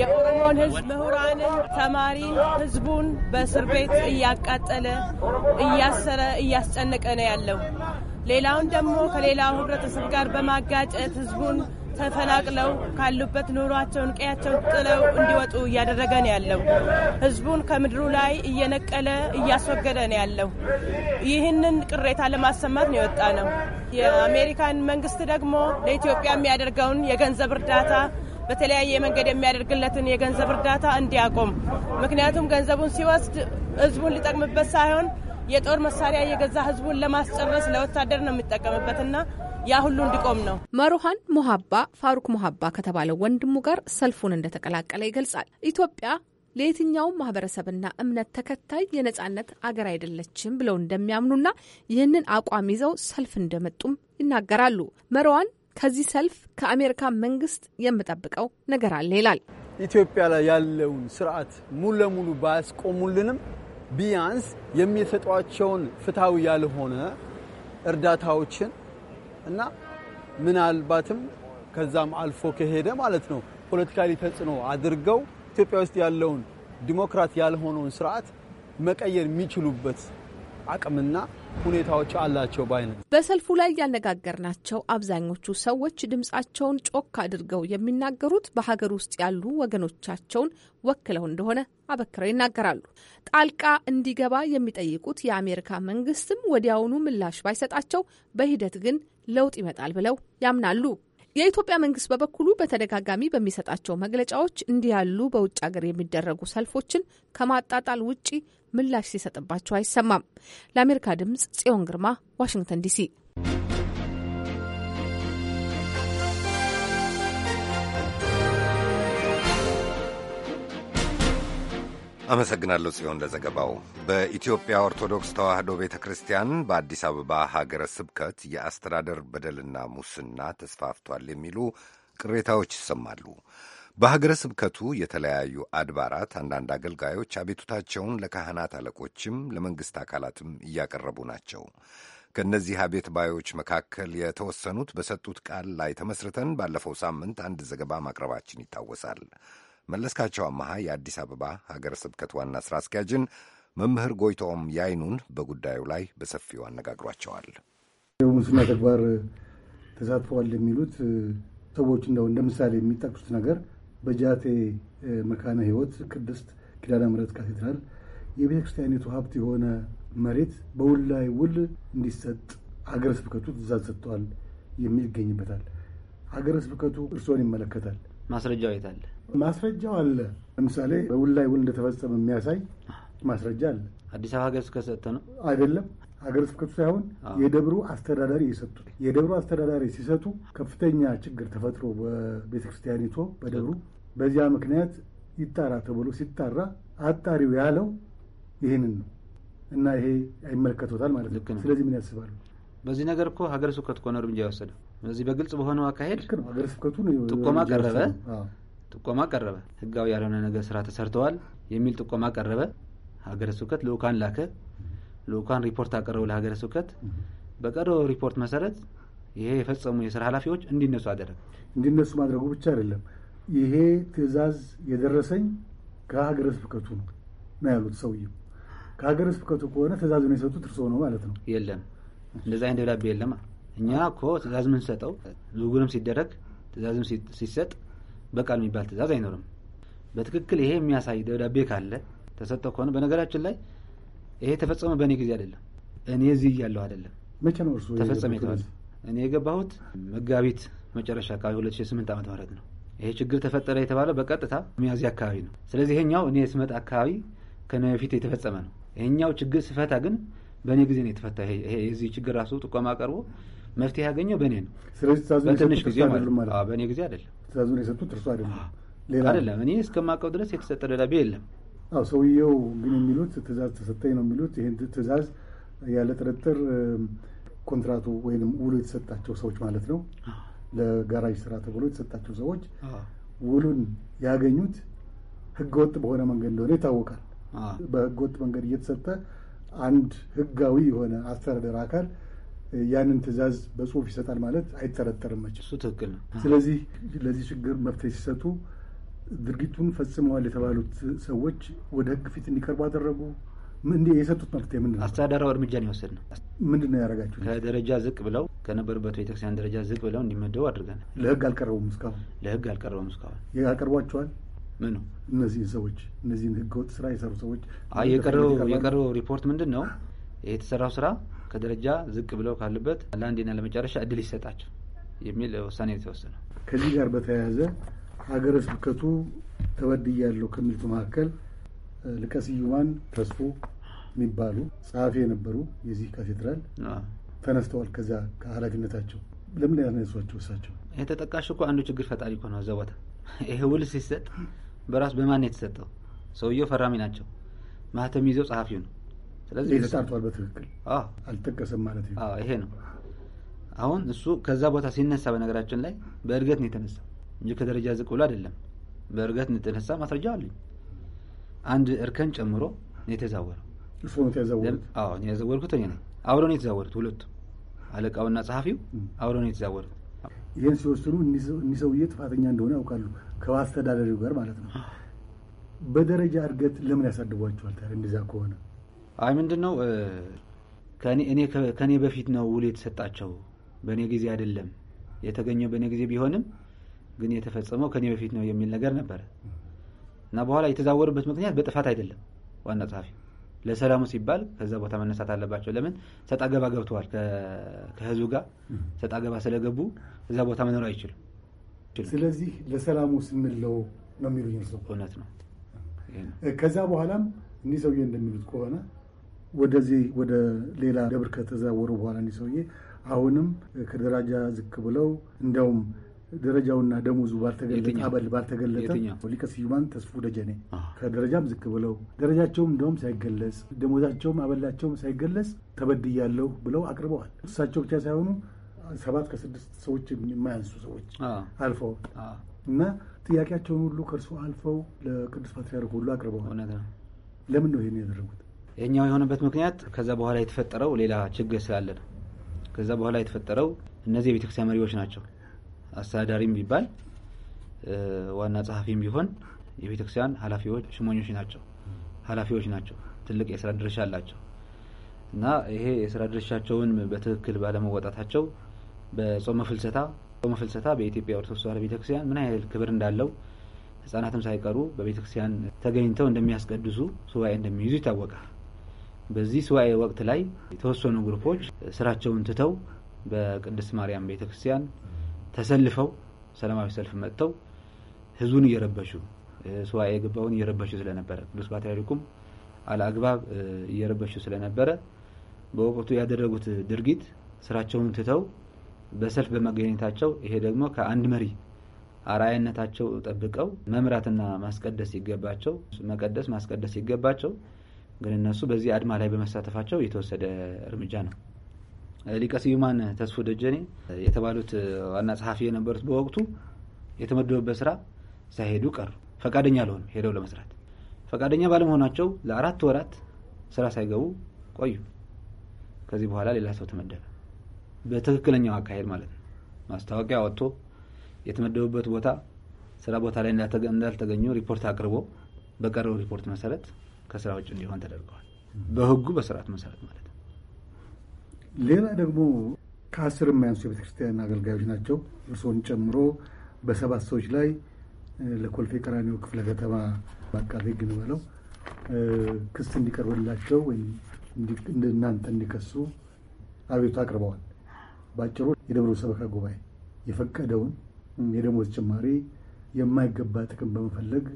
የኦሮሞን ህዝብ ምሁራንን፣ ተማሪን፣ ህዝቡን በእስር ቤት እያቃጠለ እያሰረ እያስጨነቀ ነው ያለው ሌላውን ደግሞ ከሌላው ህብረተሰብ ጋር በማጋጨት ህዝቡን ተፈናቅለው ካሉበት ኑሯቸውን ቀያቸውን ጥለው እንዲወጡ እያደረገ ነው ያለው። ህዝቡን ከምድሩ ላይ እየነቀለ እያስወገደ ነው ያለው። ይህንን ቅሬታ ለማሰማት ነው የወጣ ነው። የአሜሪካን መንግስት ደግሞ ለኢትዮጵያ የሚያደርገውን የገንዘብ እርዳታ በተለያየ መንገድ የሚያደርግለትን የገንዘብ እርዳታ እንዲያቆም፣ ምክንያቱም ገንዘቡን ሲወስድ ህዝቡን ሊጠቅምበት ሳይሆን የጦር መሳሪያ የገዛ ህዝቡን ለማስጨረስ ለወታደር ነው የሚጠቀምበትና ያ ሁሉ እንዲቆም ነው። መሩሃን ሞሀባ ፋሩክ ሞሀባ ከተባለው ወንድሙ ጋር ሰልፉን እንደተቀላቀለ ይገልጻል። ኢትዮጵያ ለየትኛውም ማህበረሰብና እምነት ተከታይ የነጻነት አገር አይደለችም ብለው እንደሚያምኑና ይህንን አቋም ይዘው ሰልፍ እንደመጡም ይናገራሉ። መርዋን ከዚህ ሰልፍ ከአሜሪካ መንግስት የምጠብቀው ነገር አለ ይላል። ኢትዮጵያ ላይ ያለውን ስርዓት ሙሉ ለሙሉ ባያስቆሙልንም ቢያንስ የሚሰጧቸውን ፍትሐዊ ያልሆነ እርዳታዎችን እና ምናልባትም ከዛም አልፎ ከሄደ ማለት ነው ፖለቲካሊ ተጽዕኖ አድርገው ኢትዮጵያ ውስጥ ያለውን ዲሞክራት ያልሆነውን ስርዓት መቀየር የሚችሉበት አቅምና ሁኔታዎች አላቸው ባይነ በሰልፉ ላይ ያነጋገርናቸው አብዛኞቹ ሰዎች ድምጻቸውን ጮክ አድርገው የሚናገሩት በሀገር ውስጥ ያሉ ወገኖቻቸውን ወክለው እንደሆነ አበክረው ይናገራሉ። ጣልቃ እንዲገባ የሚጠይቁት የአሜሪካ መንግስትም ወዲያውኑ ምላሽ ባይሰጣቸው በሂደት ግን ለውጥ ይመጣል ብለው ያምናሉ። የኢትዮጵያ መንግስት በበኩሉ በተደጋጋሚ በሚሰጣቸው መግለጫዎች እንዲህ ያሉ በውጭ ሀገር የሚደረጉ ሰልፎችን ከማጣጣል ውጪ ምላሽ ሲሰጥባቸው አይሰማም። ለአሜሪካ ድምጽ ጽዮን ግርማ ዋሽንግተን ዲሲ አመሰግናለሁ ጽዮን ለዘገባው። በኢትዮጵያ ኦርቶዶክስ ተዋሕዶ ቤተ ክርስቲያን በአዲስ አበባ ሀገረ ስብከት የአስተዳደር በደልና ሙስና ተስፋፍቷል የሚሉ ቅሬታዎች ይሰማሉ። በሀገረ ስብከቱ የተለያዩ አድባራት አንዳንድ አገልጋዮች አቤቱታቸውን ለካህናት አለቆችም ለመንግሥት አካላትም እያቀረቡ ናቸው። ከእነዚህ አቤት ባዮች መካከል የተወሰኑት በሰጡት ቃል ላይ ተመስርተን ባለፈው ሳምንት አንድ ዘገባ ማቅረባችን ይታወሳል። መለስካቸው አመሃ የአዲስ አበባ ሀገረ ስብከት ዋና ስራ አስኪያጅን መምህር ጎይቶም ያይኑን በጉዳዩ ላይ በሰፊው አነጋግሯቸዋል። የሙስና ተግባር ተሳትፈዋል የሚሉት ሰዎች እንደው እንደ ምሳሌ የሚጠቅሱት ነገር በጃቴ መካነ ሕይወት ቅድስት ኪዳነ ምሕረት ካቴድራል የቤተ ክርስቲያኒቱ ሀብት የሆነ መሬት በውል ላይ ውል እንዲሰጥ ሀገረ ስብከቱ ትእዛዝ ሰጥተዋል የሚል ይገኝበታል። ሀገረ ስብከቱ እርስዎን ይመለከታል። ማስረጃው የት አለ? ማስረጃው አለ። ለምሳሌ በውል ላይ ውል እንደተፈጸመ የሚያሳይ ማስረጃ አለ። አዲስ አበባ ሀገር ስብከት ሰጠ ነው አይደለም። ሀገር ስብከቱ ሳይሆን የደብሩ አስተዳዳሪ የሰጡት። የደብሩ አስተዳዳሪ ሲሰጡ ከፍተኛ ችግር ተፈጥሮ በቤተክርስቲያኒቱ በደብሩ በዚያ ምክንያት ይጣራ ተብሎ ሲጣራ አጣሪው ያለው ይህንን ነው እና ይሄ አይመለከቶታል ማለት ነው። ስለዚህ ምን ያስባሉ? በዚህ ነገር እኮ ሀገር ስብከት እኮ ነው እርምጃ የወሰደው። ስለዚህ በግልጽ በሆነው አካሄድ ሀገር ስብከቱ ጥቆማ ቀረበ ጥቆማ ቀረበ። ህጋዊ ያልሆነ ነገር ስራ ተሰርተዋል የሚል ጥቆማ ቀረበ። ሀገረ ስብከት ልኡካን ላከ። ልኡካን ሪፖርት አቀረቡ ለሀገረ ስብከት። በቀረበው ሪፖርት መሰረት ይሄ የፈጸሙ የስራ ኃላፊዎች እንዲነሱ አደረገ። እንዲነሱ ማድረጉ ብቻ አይደለም። ይሄ ትዕዛዝ የደረሰኝ ከሀገረ ስብከቱ ነው ነው ያሉት ሰውዬው። ከሀገረ ስብከቱ ከሆነ ትዕዛዙን የሰጡት እርስዎ ነው ማለት ነው? የለም፣ እንደዛ አይነት ደብዳቤ የለማ። እኛ እኮ ትዕዛዝ የምንሰጠው ዝውውርም ሲደረግ ትዕዛዝም ሲሰጥ በቃል የሚባል ትእዛዝ አይኖርም። በትክክል ይሄ የሚያሳይ ደብዳቤ ካለ ተሰጠ ከሆነ በነገራችን ላይ ይሄ ተፈጸመ በእኔ ጊዜ አይደለም፣ እኔ እዚህ እያለሁ አይደለም ተፈጸመ የተባለ እኔ የገባሁት መጋቢት መጨረሻ አካባቢ 2008 ዓመተ ምህረት ነው። ይሄ ችግር ተፈጠረ የተባለው በቀጥታ ሚያዝያ አካባቢ ነው። ስለዚህ ይሄኛው እኔ ስመጣ አካባቢ ከነ በፊት የተፈጸመ ነው። ይሄኛው ችግር ስፈታ ግን በእኔ ጊዜ ነው የተፈታ። ይሄ የዚህ ችግር ራሱ ጥቆማ ቀርቦ መፍትሄ ያገኘው በእኔ ነው። በትንሽ ጊዜ በእኔ ጊዜ አይደለም። ትእዛዙን የሰጡት እርሱ አይደለም አይደለም። እኔ እስከማውቀው ድረስ የተሰጠ ደብዳቤ የለም። አዎ ሰውየው ግን የሚሉት ትእዛዝ ተሰጠኝ ነው የሚሉት። ይህን ትእዛዝ ያለ ጥርጥር ኮንትራቱ ወይም ውሉ የተሰጣቸው ሰዎች ማለት ነው፣ ለጋራጅ ስራ ተብሎ የተሰጣቸው ሰዎች ውሉን ያገኙት ህገወጥ በሆነ መንገድ እንደሆነ ይታወቃል። በህገወጥ መንገድ እየተሰጠ አንድ ህጋዊ የሆነ አስተዳደር አካል ያንን ትዕዛዝ በጽሁፍ ይሰጣል ማለት አይጠረጠርም። መቼም እሱ ትክክል ነው። ስለዚህ ለዚህ ችግር መፍትሄ ሲሰጡ ድርጊቱን ፈጽመዋል የተባሉት ሰዎች ወደ ህግ ፊት እንዲቀርቡ አደረጉ። የሰጡት መፍትሄ ምንድን ነው? አስተዳደራዊ እርምጃ ነው የወሰድ ነው። ምንድን ነው ያደረጋቸው? ከደረጃ ዝቅ ብለው ከነበሩበት ቤተክርስቲያን ደረጃ ዝቅ ብለው እንዲመደቡ አድርገናል። ለህግ አልቀረቡም እስካሁን ለህግ አልቀረቡም እስካሁን ያቀርቧቸዋል ምኑ እነዚህን ሰዎች እነዚህን ህገወጥ ስራ የሰሩ ሰዎች የቀረበው ሪፖርት ምንድን ነው የተሰራው ስራ ከደረጃ ዝቅ ብለው ካሉበት ለአንዴና ለመጨረሻ እድል ይሰጣቸው የሚል ውሳኔ የተወሰነ። ከዚህ ጋር በተያያዘ ሀገረ ስብከቱ ተበድያለሁ ከሚሉት መካከል ሊቀ ስዩማን ተስፎ የሚባሉ ጸሐፊ የነበሩ የዚህ ካቴድራል ተነስተዋል። ከዚያ ከኃላፊነታቸው ለምን ያነሷቸው? እሳቸው ይህ ተጠቃሽ እኮ አንዱ ችግር ፈጣሪ እኮ ነው። እዛ ቦታ ይሄ ውል ሲሰጥ በራሱ በማን የተሰጠው? ሰውየው ፈራሚ ናቸው። ማህተም ይዘው ጸሐፊው ነው ስለዚህ ተጻፏል። በትክክል አልጠቀሰም ማለት ነው። ይሄ ነው አሁን እሱ ከዛ ቦታ ሲነሳ፣ በነገራችን ላይ በእድገት ነው የተነሳ እንጂ ከደረጃ ዝቅ ብሎ አይደለም። በእድገት ነው የተነሳ ማስረጃ አለኝ። አንድ እርከን ጨምሮ ነው የተዛወረው። እሱ ነው የተዛወሩት? አዎ ነው እኔ ነኝ። አብሮ ነው የተዛወሩት ሁለቱ፣ አለቃውና ጸሐፊው አብሮ ነው የተዛወሩት። ይህን ሲወስኑ እኒህ ሰውዬ ጥፋተኛ እንደሆነ ያውቃሉ፣ ከአስተዳዳሪው ጋር ማለት ነው። በደረጃ እድገት ለምን ያሳድቧቸዋል ታዲያ ከሆነ? አይ ምንድን ነው ከእኔ በፊት ነው ውል የተሰጣቸው በእኔ ጊዜ አይደለም የተገኘው በእኔ ጊዜ ቢሆንም ግን የተፈጸመው ከእኔ በፊት ነው የሚል ነገር ነበረ እና በኋላ የተዛወሩበት ምክንያት በጥፋት አይደለም። ዋና ጸሐፊ ለሰላሙ ሲባል ከዛ ቦታ መነሳት አለባቸው። ለምን ሰጣ ገባ ገብተዋል። ከህዝቡ ጋር ሰጣ ገባ ስለገቡ እዛ ቦታ መኖር አይችሉም። ስለዚህ ለሰላሙ ስንለው ነው የሚሉኝ እውነት ነው። ከዛ በኋላም እንዲህ ሰውዬ እንደሚሉት ከሆነ ወደዚህ ወደ ሌላ ደብር ከተዛወሩ በኋላ እንዲህ ሰውዬ አሁንም ከደረጃ ዝቅ ብለው እንዲያውም ደረጃውና ደሞዙ ባልተገለጠ አበል ባልተገለጠ ሊቀ ስዩማን ተስፉ ደጀኔ ከደረጃም ዝቅ ብለው ደረጃቸውም እንደውም ሳይገለጽ ደሞዛቸውም አበላቸውም ሳይገለጽ ተበድያለሁ ብለው አቅርበዋል። እሳቸው ብቻ ሳይሆኑ ሰባት ከስድስት ሰዎች የማያንሱ ሰዎች አልፈዋል እና ጥያቄያቸውን ሁሉ ከእርሱ አልፈው ለቅዱስ ፓትርያርክ ሁሉ አቅርበዋል። ለምን ነው ይሄን ያደረጉት? የኛው የሆነበት ምክንያት ከዛ በኋላ የተፈጠረው ሌላ ችግር ስላለ ነው። ከዛ በኋላ የተፈጠረው እነዚህ የቤተክርስቲያን መሪዎች ናቸው። አስተዳዳሪም ቢባል ዋና ጸሐፊም ቢሆን የቤተክርስቲያን ኃላፊዎች ሽሞኞች ናቸው፣ ኃላፊዎች ናቸው። ትልቅ የስራ ድርሻ አላቸው እና ይሄ የስራ ድርሻቸውን በትክክል ባለመወጣታቸው በጾመ ፍልሰታ ጾመ ፍልሰታ በኢትዮጵያ ኦርቶዶክስ ተዋሕዶ ቤተክርስቲያን ምን ያህል ክብር እንዳለው ህጻናትም ሳይቀሩ በቤተክርስቲያን ተገኝተው እንደሚያስቀድሱ ሱባኤ እንደሚይዙ ይታወቃል። በዚህ ስዋኤ ወቅት ላይ የተወሰኑ ግሩፖች ስራቸውን ትተው በቅድስት ማርያም ቤተክርስቲያን ተሰልፈው ሰላማዊ ሰልፍ መጥተው ህዝቡን እየረበሹ ስዋኤ የገባውን እየረበሹ ስለነበረ ቅዱስ ፓትርያርኩም አለአግባብ እየረበሹ ስለነበረ በወቅቱ ያደረጉት ድርጊት ስራቸውን ትተው በሰልፍ በመገኘታቸው ይሄ ደግሞ ከአንድ መሪ አርአያነታቸው ጠብቀው መምራትና ማስቀደስ ሲገባቸው መቀደስ ማስቀደስ ሲገባቸው ግን እነሱ በዚህ አድማ ላይ በመሳተፋቸው የተወሰደ እርምጃ ነው። ሊቀ ስዩማን ተስፎ ደጀኔ የተባሉት ዋና ጸሐፊ የነበሩት በወቅቱ የተመደቡበት ስራ ሳይሄዱ ቀሩ። ፈቃደኛ አልሆኑ ሄደው ለመስራት ፈቃደኛ ባለመሆናቸው ለአራት ወራት ስራ ሳይገቡ ቆዩ። ከዚህ በኋላ ሌላ ሰው ተመደበ። በትክክለኛው አካሄድ ማለት ነው። ማስታወቂያ ወጥቶ የተመደቡበት ቦታ ስራ ቦታ ላይ እንዳልተገኙ ሪፖርት አቅርቦ በቀረው ሪፖርት መሰረት ከስራ ውጭ እንዲሆን ተደርገዋል። በህጉ በስርዓት መሰረት ማለት ነው። ሌላ ደግሞ ከአስር የማያንሱ የቤተክርስቲያን አገልጋዮች ናቸው እርስዎን ጨምሮ በሰባት ሰዎች ላይ ለኮልፌ ቀራኒዮ ክፍለ ከተማ አቃቤ ሕግ በለው ክስ እንዲቀርብላቸው ወይም እናንተ እንዲከሱ አቤቱታ አቅርበዋል። በአጭሩ የደብረ ሰበካ ጉባኤ የፈቀደውን የደሞዝ ጭማሪ የማይገባ ጥቅም በመፈለግ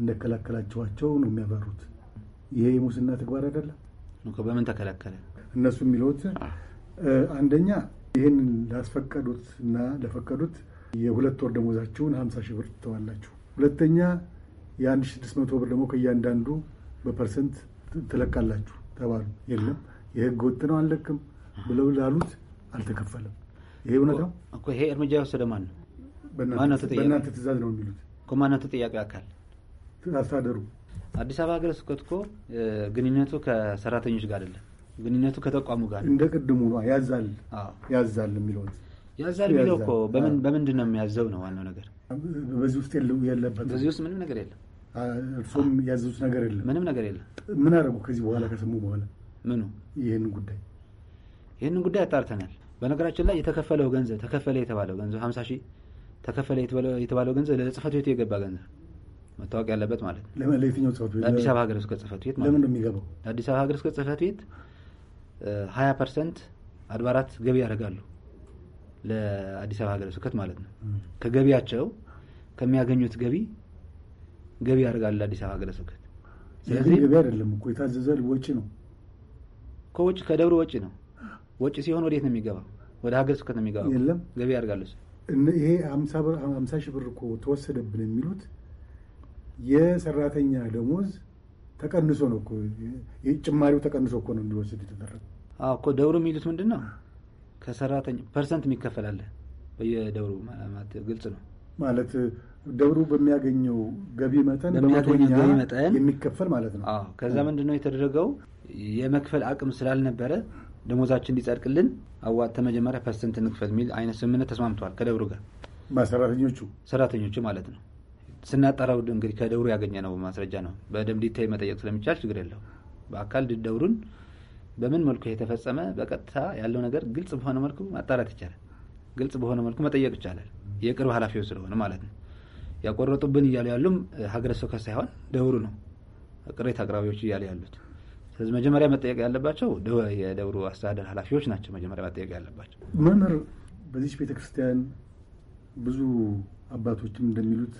እንደከላከላችኋቸው ነው የሚያበሩት። ይሄ የሙስና ተግባር አይደለም? በምን ተከለከለ? እነሱ የሚሉት አንደኛ ይህን ላስፈቀዱት እና ለፈቀዱት የሁለት ወር ደሞዛችሁን ሀምሳ ሺህ ብር ትተዋላችሁ። ሁለተኛ የአንድ ስድስት መቶ ብር ደግሞ ከእያንዳንዱ በፐርሰንት ትለቃላችሁ ተባሉ። የለም የህግ ወጥ ነው አንለቅም ብለው ላሉት አልተከፈለም። ይሄ እውነት ነው እኮ። ይሄ እርምጃ የወሰደ ማን ነው? በእናንተ ትእዛዝ ነው የሚሉት። ማነው ተጠያቂ አካል? አስተዳደሩ አዲስ አበባ ሀገረ ስብከት እኮ ግንኙነቱ ከሰራተኞች ጋር አይደለም፣ ግንኙነቱ ከተቋሙ ጋር እንደ ቅድሙ ያዛል ያዛል የሚለው ያዛል የሚለው እኮ በምንድን ነው የሚያዘው ነው ዋናው ነገር። በዚህ ውስጥ የለበትም። በዚህ ውስጥ ምንም ነገር የለም። እርሶም ያዘዙት ነገር የለም፣ ምንም ነገር የለም። ምን አደረጉ ከዚህ በኋላ ከሰሙ በኋላ ምኑ? ይህንን ጉዳይ ይህንን ጉዳይ አጣርተናል። በነገራችን ላይ የተከፈለው ገንዘብ ተከፈለ የተባለው ገንዘብ ሀምሳ ሺህ ተከፈለ የተባለው ገንዘብ ለጽህፈት ቤቱ የገባ ገንዘብ መታወቅ ያለበት ማለት ነው። ለየትኛው ጽህፈት ቤት? አዲስ አበባ ሀገረ ስብከት ጽህፈት ቤት። ለምን የሚገባው? አዲስ አበባ ሀገረ ስብከት ጽህፈት ቤት ሀያ ፐርሰንት አድባራት ገቢ ያደርጋሉ ለአዲስ አበባ ሀገረ ስብከት ማለት ነው። ከገቢያቸው ከሚያገኙት ገቢ ገቢ ያደርጋሉ ለአዲስ አበባ ሀገረ ስብከት። ስለዚህ ገቢ አይደለም እኮ የታዘዘ ወጪ ነው። ከውጭ ከደብሩ ወጪ ነው። ወጪ ሲሆን ወዴት ነው የሚገባው? ወደ ሀገረ ስብከት ነው የሚገባው። ገቢ ያደርጋሉ። ይሄ ሀምሳ ሺህ ብር እኮ ተወሰደብን የሚሉት የሰራተኛ ደሞዝ ተቀንሶ ነው እኮ ጭማሪው ተቀንሶ እኮ ነው እንዲወስድ የተደረገ እኮ ደብሩ የሚሉት ምንድን ነው? ከሰራተኛ ፐርሰንት የሚከፈላለ በየደብሩ ግልጽ ነው ማለት ደብሩ በሚያገኘው ገቢ መጠን የሚከፈል ማለት ነው። ከዛ ምንድን ነው የተደረገው? የመክፈል አቅም ስላልነበረ ደሞዛችን እንዲጸድቅልን አዋጥተን መጀመሪያ ፐርሰንት እንክፈል የሚል አይነት ስምምነት ተስማምተዋል ከደብሩ ጋር ሰራተኞቹ ሰራተኞቹ ማለት ነው። ስናጠራው እንግዲህ ከደብሩ ያገኘ ነው ማስረጃ ነው። በደንብ ዲታይ መጠየቅ ስለሚቻል ችግር የለው። በአካል ደብሩን በምን መልኩ የተፈጸመ በቀጥታ ያለው ነገር ግልጽ በሆነ መልኩ ማጣራት ይቻላል። ግልጽ በሆነ መልኩ መጠየቅ ይቻላል። የቅርብ ኃላፊው ስለሆነ ማለት ነው። ያቆረጡብን እያሉ ያሉም ሀገረ ስብከት ሳይሆን ደብሩ ነው፣ ቅሬት አቅራቢዎች እያሉ ያሉት። ስለዚህ መጀመሪያ መጠየቅ ያለባቸው የደብሩ አስተዳደር ኃላፊዎች ናቸው። መጀመሪያ መጠየቅ ያለባቸው መምህር። በዚች ቤተክርስቲያን ብዙ አባቶችም እንደሚሉት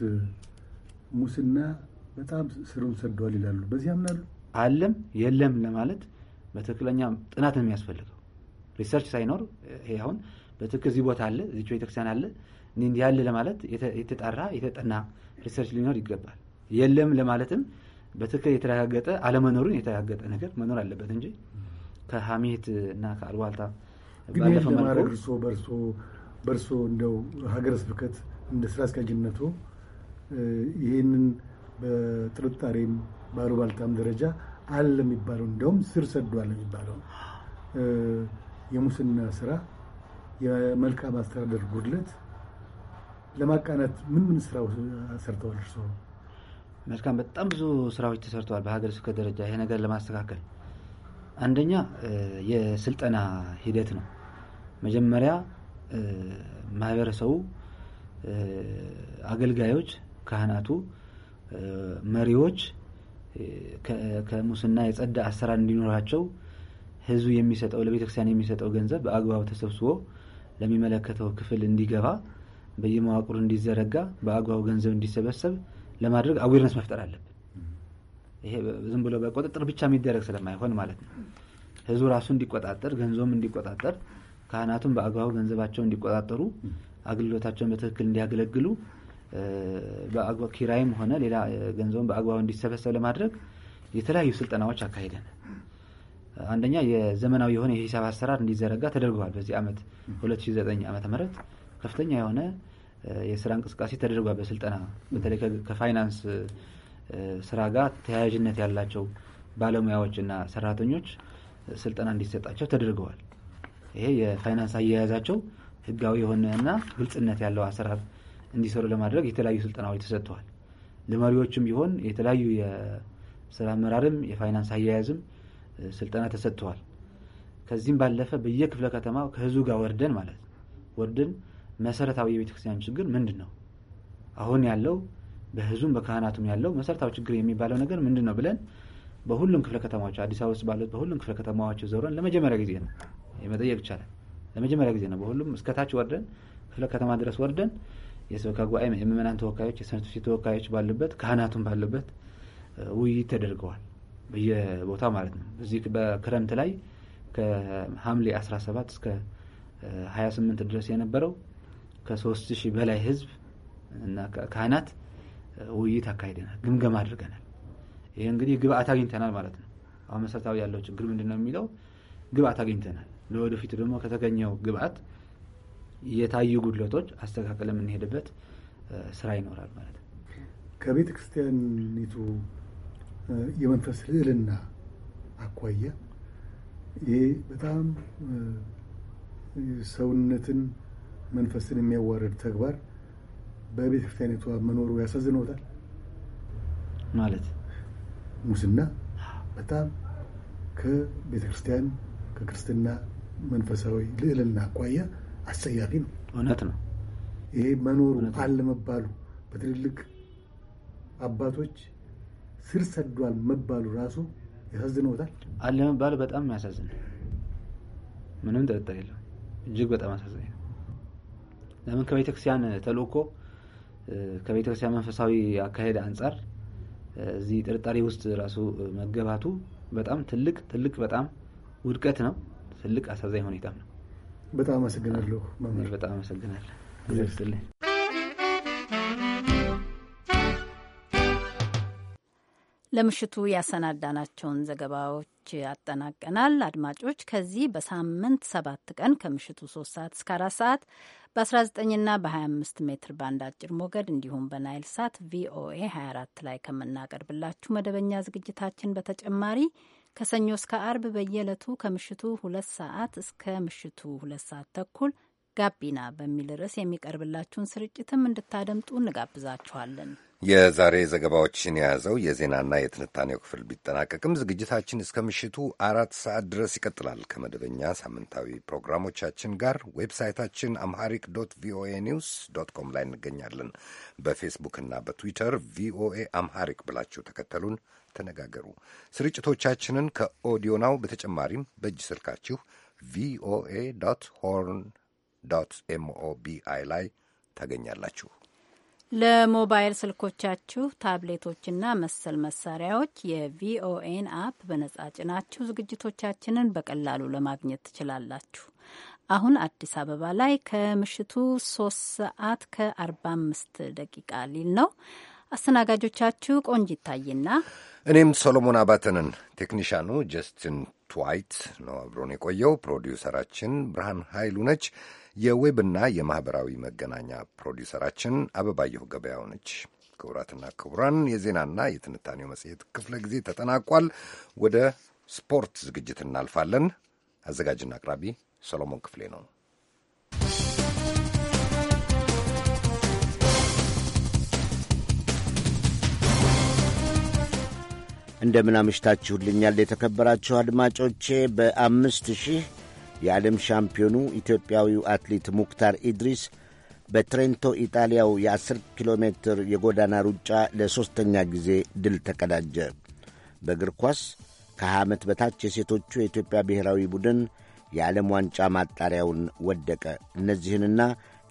ሙስና በጣም ስሩን ሰደዋል ይላሉ። በዚህ ያምናሉ? አለም የለም ለማለት በትክክለኛ ጥናት ነው የሚያስፈልገው። ሪሰርች ሳይኖር ይሄ አሁን በትክክል እዚህ ቦታ አለ፣ እዚህ ቤተክርስቲያን አለ እንዲህ ያለ ለማለት የተጠራ የተጠና ሪሰርች ሊኖር ይገባል። የለም ለማለትም በትክክል የተረጋገጠ አለመኖሩን የተረጋገጠ ነገር መኖር አለበት እንጂ ከሀሜት እና ከአሉባልታ ባለፈ መልኩ በእርሶ እንደው ሀገረ ስብከት እንደ ስራ አስኪያጅነቱ ይህንን በጥርጣሬም በአሉባልታም ደረጃ አለ የሚባለው እንደውም ስር ሰዷል የሚባለው የሙስና ስራ፣ የመልካም አስተዳደር ጉድለት ለማቃናት ምን ምን ስራ ሰርተዋል እርስዎ? መልካም በጣም ብዙ ስራዎች ተሰርተዋል። በሀገር ስብከት ደረጃ ይሄ ነገር ለማስተካከል አንደኛ የስልጠና ሂደት ነው። መጀመሪያ ማህበረሰቡ አገልጋዮች ካህናቱ፣ መሪዎች ከሙስና የጸዳ አሰራር እንዲኖራቸው ህዝቡ የሚሰጠው ለቤተክርስቲያን የሚሰጠው ገንዘብ በአግባቡ ተሰብስቦ ለሚመለከተው ክፍል እንዲገባ በየመዋቅሩ እንዲዘረጋ በአግባቡ ገንዘብ እንዲሰበሰብ ለማድረግ አዌርነስ መፍጠር አለብን። ይሄ ዝም ብሎ በቁጥጥር ብቻ የሚደረግ ስለማይሆን ማለት ነው። ህዝቡ ራሱ እንዲቆጣጠር፣ ገንዘቡም እንዲቆጣጠር፣ ካህናቱም በአግባቡ ገንዘባቸው እንዲቆጣጠሩ፣ አገልግሎታቸውን በትክክል እንዲያገለግሉ ኪራይም ሆነ ሌላ ገንዘቡን በአግባቡ እንዲሰበሰብ ለማድረግ የተለያዩ ስልጠናዎች አካሂደናል። አንደኛ የዘመናዊ የሆነ የሂሳብ አሰራር እንዲዘረጋ ተደርገዋል። በዚህ ዓመት 2009 ዓ ምህረት ከፍተኛ የሆነ የስራ እንቅስቃሴ ተደርጓል። በስልጠና በተለይ ከፋይናንስ ስራ ጋር ተያያዥነት ያላቸው ባለሙያዎች እና ሰራተኞች ስልጠና እንዲሰጣቸው ተደርገዋል። ይሄ የፋይናንስ አያያዛቸው ህጋዊ የሆነ እና ግልጽነት ያለው አሰራር እንዲሰሩ ለማድረግ የተለያዩ ስልጠናዎች ተሰጥተዋል። ለመሪዎችም ቢሆን የተለያዩ የስራ አመራርም የፋይናንስ አያያዝም ስልጠና ተሰጥተዋል። ከዚህም ባለፈ በየክፍለ ከተማ ከህዝቡ ጋር ወርደን ማለት ነው። ወርደን መሰረታዊ የቤተክርስቲያን ችግር ምንድን ነው አሁን ያለው በህዝቡም በካህናቱም ያለው መሰረታዊ ችግር የሚባለው ነገር ምንድን ነው ብለን በሁሉም ክፍለ ከተማዎች አዲስ አበባ ውስጥ ባሉት በሁሉም ክፍለ ከተማዎች ዞረን ለመጀመሪያ ጊዜ ነው የመጠየቅ ይቻላል። ለመጀመሪያ ጊዜ ነው በሁሉም እስከታች ወርደን ክፍለ ከተማ ድረስ ወርደን የሰበካ ጉባኤ የምእመናን ተወካዮች፣ የሰንበት ተወካዮች ባሉበት ካህናቱን ባሉበት ውይይት ተደርገዋል። በየቦታ ማለት ነው። እዚህ በክረምት ላይ ከሐምሌ 17 እስከ 28 ድረስ የነበረው ከ3 ሺህ በላይ ህዝብ እና ካህናት ውይይት አካሂደናል፣ ግምገማ አድርገናል። ይህ እንግዲህ ግብአት አግኝተናል ማለት ነው። አሁን መሰረታዊ ያለው ችግር ምንድን ነው የሚለው ግብአት አግኝተናል። ለወደፊቱ ደግሞ ከተገኘው ግብአት የታዩ ጉድለቶች አስተካከል የምንሄድበት ስራ ይኖራል ማለት ነው። ከቤተ ክርስቲያኒቱ የመንፈስ ልዕልና አኳያ ይሄ በጣም ሰውነትን መንፈስን የሚያዋርድ ተግባር በቤተ ክርስቲያኒቷ መኖሩ ያሳዝነውታል። ማለት ሙስና በጣም ከቤተ ክርስቲያን ከክርስትና መንፈሳዊ ልዕልና አኳያ አስጸያፊ ነው። እውነት ነው። ይሄ መኖሩ አለመባሉ በትልልቅ አባቶች ስር ሰዷል መባሉ ራሱ ያሳዝነውታል። አለመባሉ በጣም የሚያሳዝን ምንም ጥርጥር የለም። እጅግ በጣም አሳዛኝ ነው። ለምን ከቤተክርስቲያን ተልእኮ ከቤተክርስቲያን መንፈሳዊ አካሄድ አንጻር እዚህ ጥርጣሬ ውስጥ ራሱ መገባቱ በጣም ትልቅ ትልቅ በጣም ውድቀት ነው። ትልቅ አሳዛኝ ሁኔታም ነው። በጣም አመሰግናለሁ መምህር። በጣም አመሰግናለሁ። ለምሽቱ ያሰናዳናቸውን ዘገባዎች ያጠናቀናል። አድማጮች ከዚህ በሳምንት ሰባት ቀን ከምሽቱ ሶስት ሰዓት እስከ አራት ሰዓት በ19ና በ25 ሜትር ባንድ አጭር ሞገድ እንዲሁም በናይል ሳት ቪኦኤ 24 ላይ ከምናቀርብላችሁ መደበኛ ዝግጅታችን በተጨማሪ ከሰኞ እስከ አርብ በየዕለቱ ከምሽቱ ሁለት ሰዓት እስከ ምሽቱ ሁለት ሰዓት ተኩል ጋቢና በሚል ርዕስ የሚቀርብላችሁን ስርጭትም እንድታደምጡ እንጋብዛችኋለን። የዛሬ ዘገባዎችን የያዘው የዜናና የትንታኔው ክፍል ቢጠናቀቅም ዝግጅታችን እስከ ምሽቱ አራት ሰዓት ድረስ ይቀጥላል። ከመደበኛ ሳምንታዊ ፕሮግራሞቻችን ጋር ዌብሳይታችን አምሃሪክ ዶት ቪኦኤ ኒውስ ዶት ኮም ላይ እንገኛለን። በፌስቡክና በትዊተር ቪኦኤ አምሃሪክ ብላችሁ ተከተሉን ተነጋገሩ። ስርጭቶቻችንን ከኦዲዮ ናው በተጨማሪም በእጅ ስልካችሁ ቪኦኤ ዶት ሆርን ዶት ኤምኦቢአይ ላይ ታገኛላችሁ። ለሞባይል ስልኮቻችሁ ታብሌቶችና መሰል መሳሪያዎች የቪኦኤን አፕ በነጻ ጭናችሁ ዝግጅቶቻችንን በቀላሉ ለማግኘት ትችላላችሁ። አሁን አዲስ አበባ ላይ ከምሽቱ ሶስት ሰዓት ከአርባ አምስት ደቂቃ ሊል ነው። አስተናጋጆቻችሁ ቆንጅ ይታይና እኔም ሶሎሞን አባተንን። ቴክኒሻኑ ጀስትን ትዋይት ነው አብሮን የቆየው። ፕሮዲውሰራችን ብርሃን ኃይሉ ነች። የዌብና የማኅበራዊ መገናኛ ፕሮዲውሰራችን አበባየሁ ገበያው ነች። ክቡራትና ክቡራን የዜናና የትንታኔው መጽሔት ክፍለ ጊዜ ተጠናቋል። ወደ ስፖርት ዝግጅት እናልፋለን። አዘጋጅና አቅራቢ ሰሎሞን ክፍሌ ነው። እንደምን አምሽታችሁልኛል የተከበራችሁ አድማጮቼ። በአምስት ሺህ የዓለም ሻምፒዮኑ ኢትዮጵያዊው አትሌት ሙክታር ኢድሪስ በትሬንቶ ኢጣሊያው የ10 ኪሎ ሜትር የጎዳና ሩጫ ለሦስተኛ ጊዜ ድል ተቀዳጀ። በእግር ኳስ ከ20 ዓመት በታች የሴቶቹ የኢትዮጵያ ብሔራዊ ቡድን የዓለም ዋንጫ ማጣሪያውን ወደቀ። እነዚህንና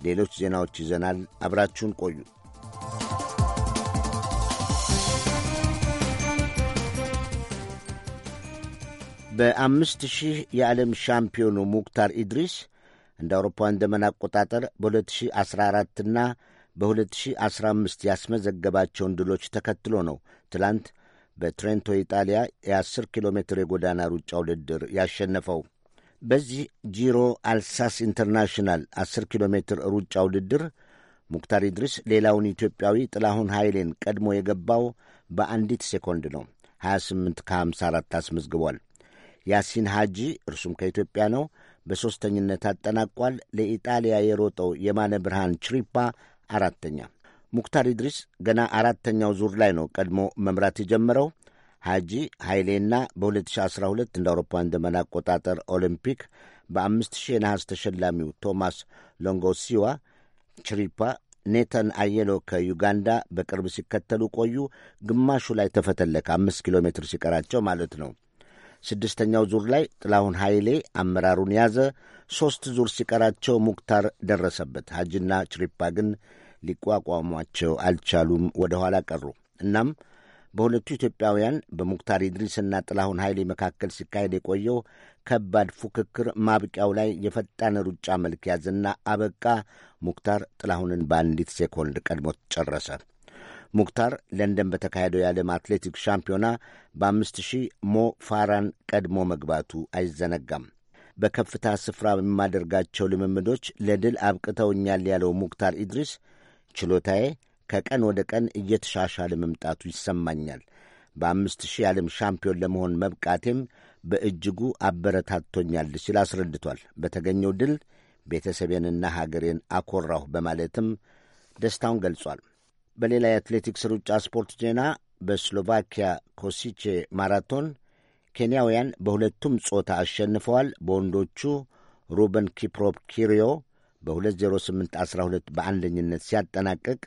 ሌሎች ዜናዎች ይዘናል። አብራችሁን ቆዩ። በአምስት ሺህ የዓለም ሻምፒዮኑ ሙክታር ኢድሪስ እንደ አውሮፓውያን ዘመን አቆጣጠር በ2014ና በ2015 ያስመዘገባቸውን ድሎች ተከትሎ ነው ትላንት በትሬንቶ ኢጣሊያ የ10 ኪሎ ሜትር የጎዳና ሩጫ ውድድር ያሸነፈው። በዚህ ጂሮ አልሳስ ኢንተርናሽናል 10 ኪሎ ሜትር ሩጫ ውድድር ሙክታር ኢድሪስ ሌላውን ኢትዮጵያዊ ጥላሁን ኃይሌን ቀድሞ የገባው በአንዲት ሴኮንድ ነው። 28 ከ54 አስመዝግቧል። ያሲን ሐጂ እርሱም ከኢትዮጵያ ነው፣ በሦስተኝነት አጠናቋል። ለኢጣሊያ የሮጠው የማነ ብርሃን ችሪፓ አራተኛ። ሙክታር ኢድሪስ ገና አራተኛው ዙር ላይ ነው ቀድሞ መምራት የጀመረው። ሐጂ ኃይሌና በ2012 እንደ አውሮፓውያን ዘመን አቆጣጠር ኦሊምፒክ በ5000 የነሐስ ተሸላሚው ቶማስ ሎንጎሲዋ ችሪፓ ኔተን አየሎ ከዩጋንዳ በቅርብ ሲከተሉ ቆዩ። ግማሹ ላይ ተፈተለከ፣ አምስት ኪሎ ሜትር ሲቀራቸው ማለት ነው። ስድስተኛው ዙር ላይ ጥላሁን ኃይሌ አመራሩን ያዘ። ሦስት ዙር ሲቀራቸው ሙክታር ደረሰበት። ሐጅና ችሪፓ ግን ሊቋቋሟቸው አልቻሉም፣ ወደ ኋላ ቀሩ። እናም በሁለቱ ኢትዮጵያውያን በሙክታር ኢድሪስና ጥላሁን ኃይሌ መካከል ሲካሄድ የቆየው ከባድ ፉክክር ማብቂያው ላይ የፈጣን ሩጫ መልክ ያዘና አበቃ። ሙክታር ጥላሁንን በአንዲት ሴኮንድ ቀድሞት ጨረሰ። ሙክታር ለንደን በተካሄደው የዓለም አትሌቲክስ ሻምፒዮና በአምስት ሺህ ሞ ፋራን ቀድሞ መግባቱ አይዘነጋም። በከፍታ ስፍራ የማደርጋቸው ልምምዶች ለድል አብቅተውኛል ያለው ሙክታር ኢድሪስ ችሎታዬ ከቀን ወደ ቀን እየተሻሻለ መምጣቱ ይሰማኛል። በአምስት ሺህ የዓለም ሻምፒዮን ለመሆን መብቃቴም በእጅጉ አበረታቶኛል ሲል አስረድቷል። በተገኘው ድል ቤተሰቤንና ሀገሬን አኮራሁ በማለትም ደስታውን ገልጿል። በሌላ የአትሌቲክስ ሩጫ ስፖርት ዜና በስሎቫኪያ ኮሲቼ ማራቶን ኬንያውያን በሁለቱም ጾታ አሸንፈዋል። በወንዶቹ ሩበን ኪፕሮፕ ኪሪዮ በ20812 በአንደኝነት ሲያጠናቅቅ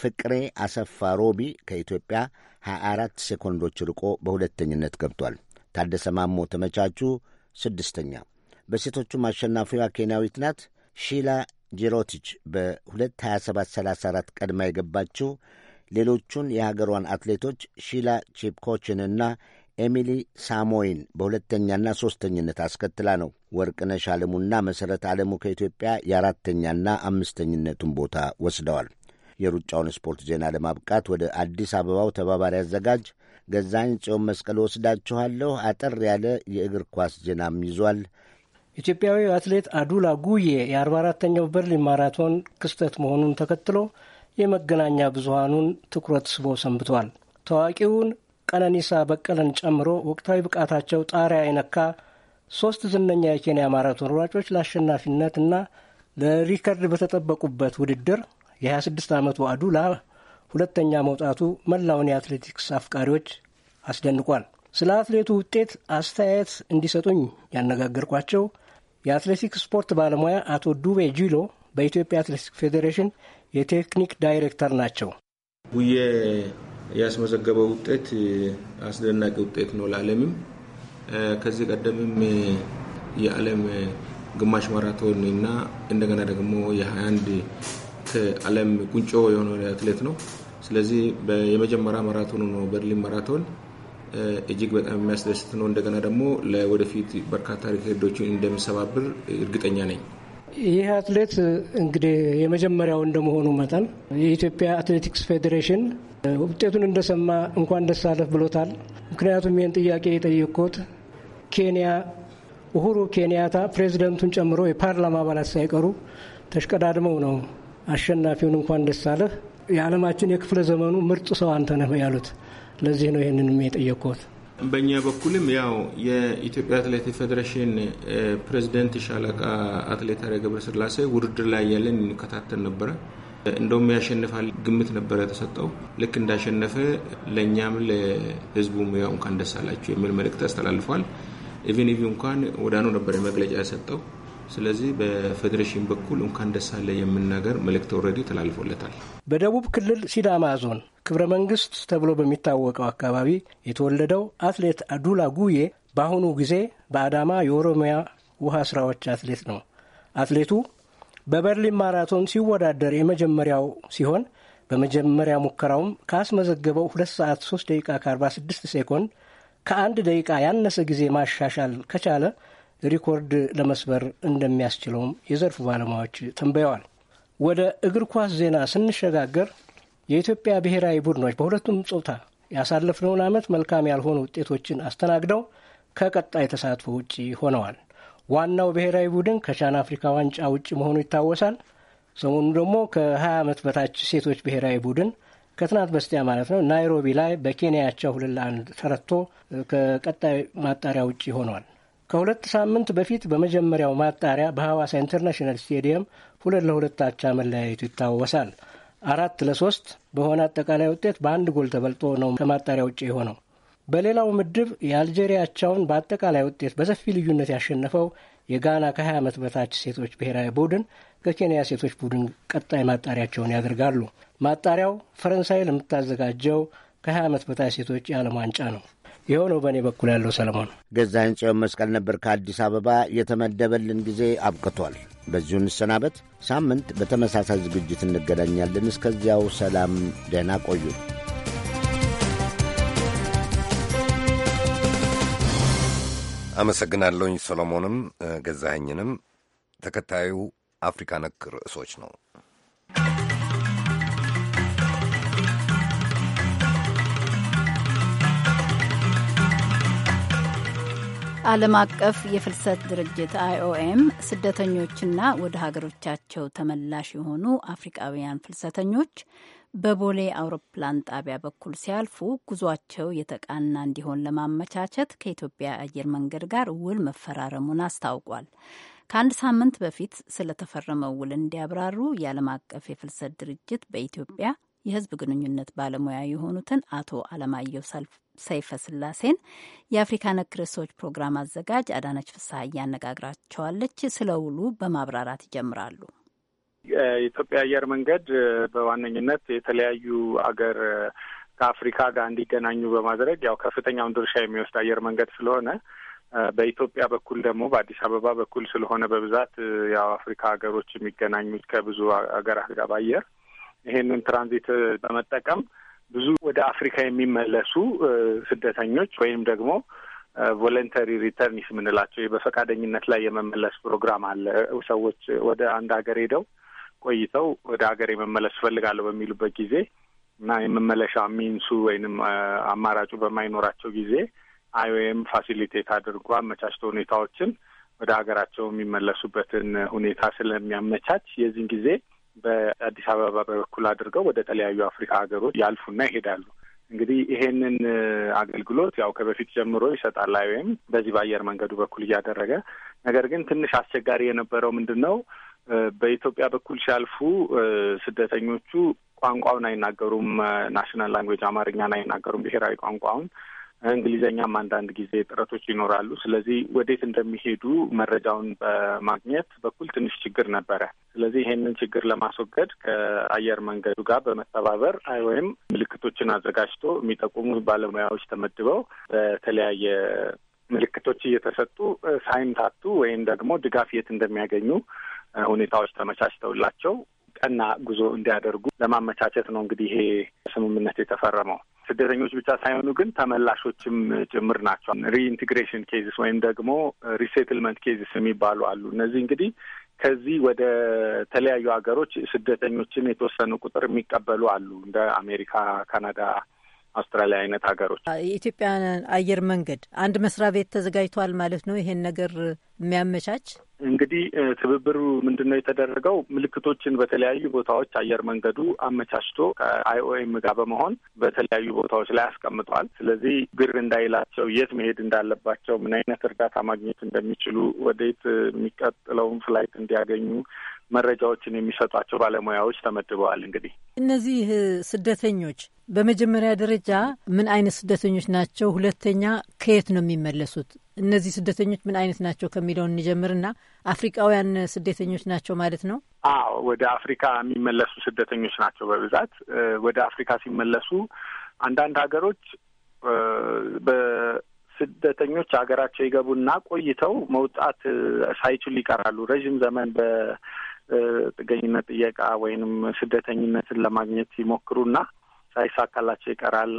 ፍቅሬ አሰፋ ሮቢ ከኢትዮጵያ 24 ሴኮንዶች ርቆ በሁለተኝነት ገብቷል። ታደሰ ማሞ ተመቻቹ ስድስተኛ። በሴቶቹም አሸናፊዋ ኬንያዊት ናት ሺላ ጂሮቲች በ22734 ቀድማ የገባችው ሌሎቹን የሀገሯን አትሌቶች ሺላ ቺፕኮችንና ኤሚሊ ሳሞይን በሁለተኛና ሦስተኝነት አስከትላ ነው። ወርቅነሽ አለሙና መሠረት አለሙ ከኢትዮጵያ የአራተኛና አምስተኝነቱን ቦታ ወስደዋል። የሩጫውን ስፖርት ዜና ለማብቃት ወደ አዲስ አበባው ተባባሪ አዘጋጅ ገዛኝ ጽዮን መስቀል ወስዳችኋለሁ። አጠር ያለ የእግር ኳስ ዜናም ይዟል። ኢትዮጵያዊ አትሌት አዱላ ጉዬ የ44ተኛው በርሊን ማራቶን ክስተት መሆኑን ተከትሎ የመገናኛ ብዙሀኑን ትኩረት ስቦ ሰንብቷል። ታዋቂውን ቀነኒሳ በቀለን ጨምሮ ወቅታዊ ብቃታቸው ጣሪያ የነካ ሶስት ዝነኛ የኬንያ ማራቶን ሯጮች ለአሸናፊነት እና ለሪከርድ በተጠበቁበት ውድድር የ26 ዓመቱ አዱላ ሁለተኛ መውጣቱ መላውን የአትሌቲክስ አፍቃሪዎች አስደንቋል። ስለ አትሌቱ ውጤት አስተያየት እንዲሰጡኝ ያነጋገርኳቸው የአትሌቲክስ ስፖርት ባለሙያ አቶ ዱቤ ጂሎ በኢትዮጵያ አትሌቲክስ ፌዴሬሽን የቴክኒክ ዳይሬክተር ናቸው። ጉዬ ያስመዘገበው ውጤት አስደናቂ ውጤት ነው ለዓለምም። ከዚህ ቀደምም የዓለም ግማሽ ማራቶን እና እንደገና ደግሞ የ21 ከዓለም ቁንጮ የሆነ አትሌት ነው። ስለዚህ የመጀመሪያ ማራቶኑ ነው በርሊን ማራቶን እጅግ በጣም የሚያስደስት ነው። እንደገና ደግሞ ለወደፊት በርካታ ሪከርዶችን እንደሚሰባብር እርግጠኛ ነኝ። ይህ አትሌት እንግዲህ የመጀመሪያው እንደመሆኑ መጠን የኢትዮጵያ አትሌቲክስ ፌዴሬሽን ውጤቱን እንደሰማ እንኳን ደስ አለህ ብሎታል። ምክንያቱም ይህን ጥያቄ የጠየቅኩት ኬንያ ኡሁሩ ኬንያታ ፕሬዚደንቱን ጨምሮ የፓርላማ አባላት ሳይቀሩ ተሽቀዳድመው ነው አሸናፊውን እንኳን ደስ አለህ የዓለማችን የክፍለ ዘመኑ ምርጥ ሰው አንተ ነህ ያሉት። ለዚህ ነው ይህንንም የጠየቅኩት። በእኛ በኩልም ያው የኢትዮጵያ አትሌቲክ ፌዴሬሽን ፕሬዚደንት ሻለቃ አትሌት አሬ ገብረስላሴ ውድድር ላይ ያለን እንከታተል ነበረ። እንደውም ያሸንፋል ግምት ነበረ ተሰጠው። ልክ እንዳሸነፈ ለእኛም ለህዝቡ ያው እንኳን ደስ አላችሁ የሚል መልእክት አስተላልፏል። ኢቪን ኢቪ እንኳን ወዳኑ ነበር መግለጫ የሰጠው። ስለዚህ በፌዴሬሽን በኩል እንኳን ደስ አለ የምናገር መልእክት ወረዲ ተላልፎለታል። በደቡብ ክልል ሲዳማ ዞን ክብረ መንግስት ተብሎ በሚታወቀው አካባቢ የተወለደው አትሌት አዱላ ጉዬ በአሁኑ ጊዜ በአዳማ የኦሮሚያ ውሃ ስራዎች አትሌት ነው። አትሌቱ በበርሊን ማራቶን ሲወዳደር የመጀመሪያው ሲሆን በመጀመሪያ ሙከራውም ካስመዘገበው 2 ሰዓት 3 ደቂቃ ከ46 ሴኮንድ ከአንድ ደቂቃ ያነሰ ጊዜ ማሻሻል ከቻለ ሪኮርድ ለመስበር እንደሚያስችለውም የዘርፉ ባለሙያዎች ተንበየዋል። ወደ እግር ኳስ ዜና ስንሸጋገር የኢትዮጵያ ብሔራዊ ቡድኖች በሁለቱም ጾታ ያሳለፍነውን ዓመት መልካም ያልሆኑ ውጤቶችን አስተናግደው ከቀጣይ ተሳትፎ ውጪ ሆነዋል። ዋናው ብሔራዊ ቡድን ከቻን አፍሪካ ዋንጫ ውጪ መሆኑ ይታወሳል። ሰሞኑ ደግሞ ከ20 ዓመት በታች ሴቶች ብሔራዊ ቡድን ከትናንት በስቲያ ማለት ነው ናይሮቢ ላይ በኬንያቸው ሁለት ለአንድ ተረትቶ ከቀጣይ ማጣሪያ ውጪ ሆነዋል። ከሁለት ሳምንት በፊት በመጀመሪያው ማጣሪያ በሐዋሳ ኢንተርናሽናል ስቴዲየም ሁለት ለሁለት አቻ መለያየቱ ይታወሳል። አራት ለሶስት በሆነ አጠቃላይ ውጤት በአንድ ጎል ተበልጦ ነው ከማጣሪያ ውጭ የሆነው። በሌላው ምድብ የአልጄሪያቻውን በአጠቃላይ ውጤት በሰፊ ልዩነት ያሸነፈው የጋና ከ20 ዓመት በታች ሴቶች ብሔራዊ ቡድን ከኬንያ ሴቶች ቡድን ቀጣይ ማጣሪያቸውን ያደርጋሉ። ማጣሪያው ፈረንሳይ ለምታዘጋጀው ከ20 ዓመት በታች ሴቶች የዓለም ዋንጫ ነው። ይኸው ነው በእኔ በኩል ያለው። ሰለሞን ገዛኸኝ ጽዮን መስቀል ነበር ከአዲስ አበባ። የተመደበልን ጊዜ አብቅቷል። በዚሁ እንሰናበት። ሳምንት በተመሳሳይ ዝግጅት እንገናኛለን። እስከዚያው ሰላም፣ ደህና ቆዩ። አመሰግናለሁኝ ሰሎሞንም ገዛኸኝንም። ተከታዩ አፍሪካ ነክ ርዕሶች ነው። ዓለም አቀፍ የፍልሰት ድርጅት አይኦኤም ስደተኞችና ወደ ሀገሮቻቸው ተመላሽ የሆኑ አፍሪቃውያን ፍልሰተኞች በቦሌ አውሮፕላን ጣቢያ በኩል ሲያልፉ ጉዟቸው የተቃና እንዲሆን ለማመቻቸት ከኢትዮጵያ አየር መንገድ ጋር ውል መፈራረሙን አስታውቋል። ከአንድ ሳምንት በፊት ስለተፈረመው ውል እንዲያብራሩ የዓለም አቀፍ የፍልሰት ድርጅት በኢትዮጵያ የሕዝብ ግንኙነት ባለሙያ የሆኑትን አቶ አለማየሁ ሰይፈ ስላሴን የአፍሪካ ነክ ርዕሶች ፕሮግራም አዘጋጅ አዳነች ፍስሐ እያነጋግራቸዋለች። ስለ ውሉ በማብራራት ይጀምራሉ። የኢትዮጵያ አየር መንገድ በዋነኝነት የተለያዩ አገር ከአፍሪካ ጋር እንዲገናኙ በማድረግ ያው ከፍተኛውን ድርሻ የሚወስድ አየር መንገድ ስለሆነ በኢትዮጵያ በኩል ደግሞ በአዲስ አበባ በኩል ስለሆነ በብዛት ያው አፍሪካ ሀገሮች የሚገናኙት ከብዙ ሀገራት ጋር በአየር ይሄንን ትራንዚት በመጠቀም ብዙ ወደ አፍሪካ የሚመለሱ ስደተኞች ወይም ደግሞ ቮለንተሪ ሪተርኒስ የምንላቸው በፈቃደኝነት ላይ የመመለስ ፕሮግራም አለ። ሰዎች ወደ አንድ ሀገር ሄደው ቆይተው ወደ ሀገር የመመለስ እፈልጋለሁ በሚሉበት ጊዜ እና የመመለሻ ሚንሱ ወይንም አማራጩ በማይኖራቸው ጊዜ አይኦኤም ፋሲሊቴት አድርጎ አመቻችቶ ሁኔታዎችን ወደ ሀገራቸው የሚመለሱበትን ሁኔታ ስለሚያመቻች የዚህን ጊዜ በአዲስ አበባ በኩል አድርገው ወደ ተለያዩ አፍሪካ ሀገሮች ያልፉና ይሄዳሉ። እንግዲህ ይሄንን አገልግሎት ያው ከበፊት ጀምሮ ይሰጣል ወይም በዚህ በአየር መንገዱ በኩል እያደረገ ነገር ግን ትንሽ አስቸጋሪ የነበረው ምንድን ነው? በኢትዮጵያ በኩል ሲያልፉ ስደተኞቹ ቋንቋውን አይናገሩም። ናሽናል ላንጉጅ አማርኛን አይናገሩም፣ ብሔራዊ ቋንቋውን እንግሊዝኛም አንዳንድ ጊዜ ጥረቶች ይኖራሉ። ስለዚህ ወዴት እንደሚሄዱ መረጃውን በማግኘት በኩል ትንሽ ችግር ነበረ። ስለዚህ ይሄንን ችግር ለማስወገድ ከአየር መንገዱ ጋር በመተባበር ወይም ምልክቶችን አዘጋጅቶ የሚጠቁሙ ባለሙያዎች ተመድበው በተለያየ ምልክቶች እየተሰጡ ሳይምታቱ ወይም ደግሞ ድጋፍ የት እንደሚያገኙ ሁኔታዎች ተመቻችተውላቸው ቀና ጉዞ እንዲያደርጉ ለማመቻቸት ነው እንግዲህ ይሄ ስምምነት የተፈረመው። ስደተኞች ብቻ ሳይሆኑ ግን ተመላሾችም ጭምር ናቸው። ሪኢንቴግሬሽን ኬዝስ ወይም ደግሞ ሪሴትልመንት ኬዝስ የሚባሉ አሉ። እነዚህ እንግዲህ ከዚህ ወደ ተለያዩ ሀገሮች ስደተኞችን የተወሰኑ ቁጥር የሚቀበሉ አሉ እንደ አሜሪካ፣ ካናዳ አውስትራሊያ አይነት ሀገሮች። የኢትዮጵያ አየር መንገድ አንድ መስሪያ ቤት ተዘጋጅቷል ማለት ነው ይሄን ነገር የሚያመቻች እንግዲህ ትብብሩ ምንድነው የተደረገው? ምልክቶችን በተለያዩ ቦታዎች አየር መንገዱ አመቻችቶ ከአይኦኤም ጋር በመሆን በተለያዩ ቦታዎች ላይ አስቀምጠዋል። ስለዚህ ግር እንዳይላቸው፣ የት መሄድ እንዳለባቸው፣ ምን አይነት እርዳታ ማግኘት እንደሚችሉ፣ ወዴት የሚቀጥለውን ፍላይት እንዲያገኙ መረጃዎችን የሚሰጧቸው ባለሙያዎች ተመድበዋል። እንግዲህ እነዚህ ስደተኞች በመጀመሪያ ደረጃ ምን አይነት ስደተኞች ናቸው? ሁለተኛ ከየት ነው የሚመለሱት? እነዚህ ስደተኞች ምን አይነት ናቸው ከሚለውን እንጀምርና አፍሪቃውያን ስደተኞች ናቸው ማለት ነው? አዎ፣ ወደ አፍሪካ የሚመለሱ ስደተኞች ናቸው። በብዛት ወደ አፍሪካ ሲመለሱ አንዳንድ ሀገሮች በስደተኞች ሀገራቸው ይገቡና ቆይተው መውጣት ሳይችሉ ይቀራሉ። ረዥም ዘመን በጥገኝነት ጥየቃ ወይንም ስደተኝነትን ለማግኘት ይሞክሩና ሳይሳካላቸው ይቀራል።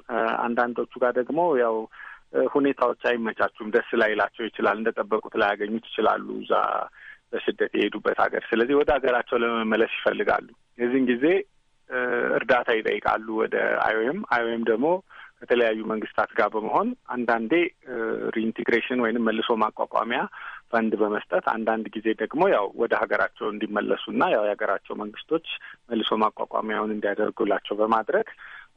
አንዳንዶቹ ጋር ደግሞ ያው ሁኔታዎች አይመቻቹም። ደስ ላይላቸው ይችላል። እንደጠበቁት ላያገኙት ይችላሉ እዛ በስደት የሄዱበት ሀገር። ስለዚህ ወደ ሀገራቸው ለመመለስ ይፈልጋሉ። የዚህን ጊዜ እርዳታ ይጠይቃሉ ወደ አይኦኤም። አይኦኤም ደግሞ ከተለያዩ መንግስታት ጋር በመሆን አንዳንዴ ሪኢንቴግሬሽን ወይንም መልሶ ማቋቋሚያ ፈንድ በመስጠት አንዳንድ ጊዜ ደግሞ ያው ወደ ሀገራቸው እንዲመለሱና ያው የሀገራቸው መንግስቶች መልሶ ማቋቋሚያውን እንዲያደርጉላቸው በማድረግ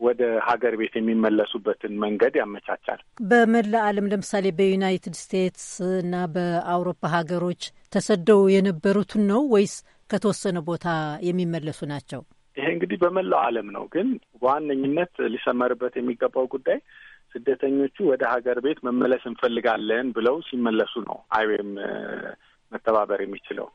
ወደ ሀገር ቤት የሚመለሱበትን መንገድ ያመቻቻል። በመላ ዓለም ለምሳሌ በዩናይትድ ስቴትስ እና በአውሮፓ ሀገሮች ተሰደው የነበሩትን ነው ወይስ ከተወሰነ ቦታ የሚመለሱ ናቸው? ይሄ እንግዲህ በመላው ዓለም ነው። ግን በዋነኝነት ሊሰመርበት የሚገባው ጉዳይ ስደተኞቹ ወደ ሀገር ቤት መመለስ እንፈልጋለን ብለው ሲመለሱ ነው አይዌም መተባበር የሚችለው።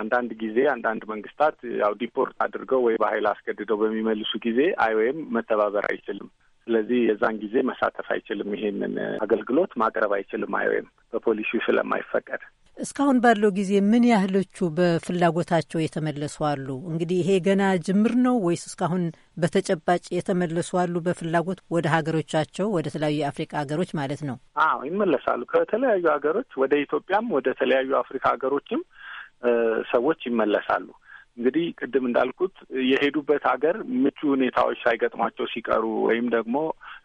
አንዳንድ ጊዜ አንዳንድ መንግስታት ያው ዲፖርት አድርገው ወይ በሀይል አስገድደው በሚመልሱ ጊዜ አይኦኤም መተባበር አይችልም። ስለዚህ የዛን ጊዜ መሳተፍ አይችልም። ይሄንን አገልግሎት ማቅረብ አይችልም አይኦኤም በፖሊሲው ስለማይፈቀድ። እስካሁን ባለው ጊዜ ምን ያህሎቹ በፍላጎታቸው የተመለሱ አሉ? እንግዲህ ይሄ ገና ጅምር ነው ወይስ እስካሁን በተጨባጭ የተመለሱ አሉ? በፍላጎት ወደ ሀገሮቻቸው ወደ ተለያዩ የአፍሪካ ሀገሮች ማለት ነው? አዎ ይመለሳሉ። ከተለያዩ ሀገሮች ወደ ኢትዮጵያም ወደ ተለያዩ አፍሪካ ሀገሮችም ሰዎች ይመለሳሉ። እንግዲህ ቅድም እንዳልኩት የሄዱበት ሀገር ምቹ ሁኔታዎች ሳይገጥሟቸው ሲቀሩ ወይም ደግሞ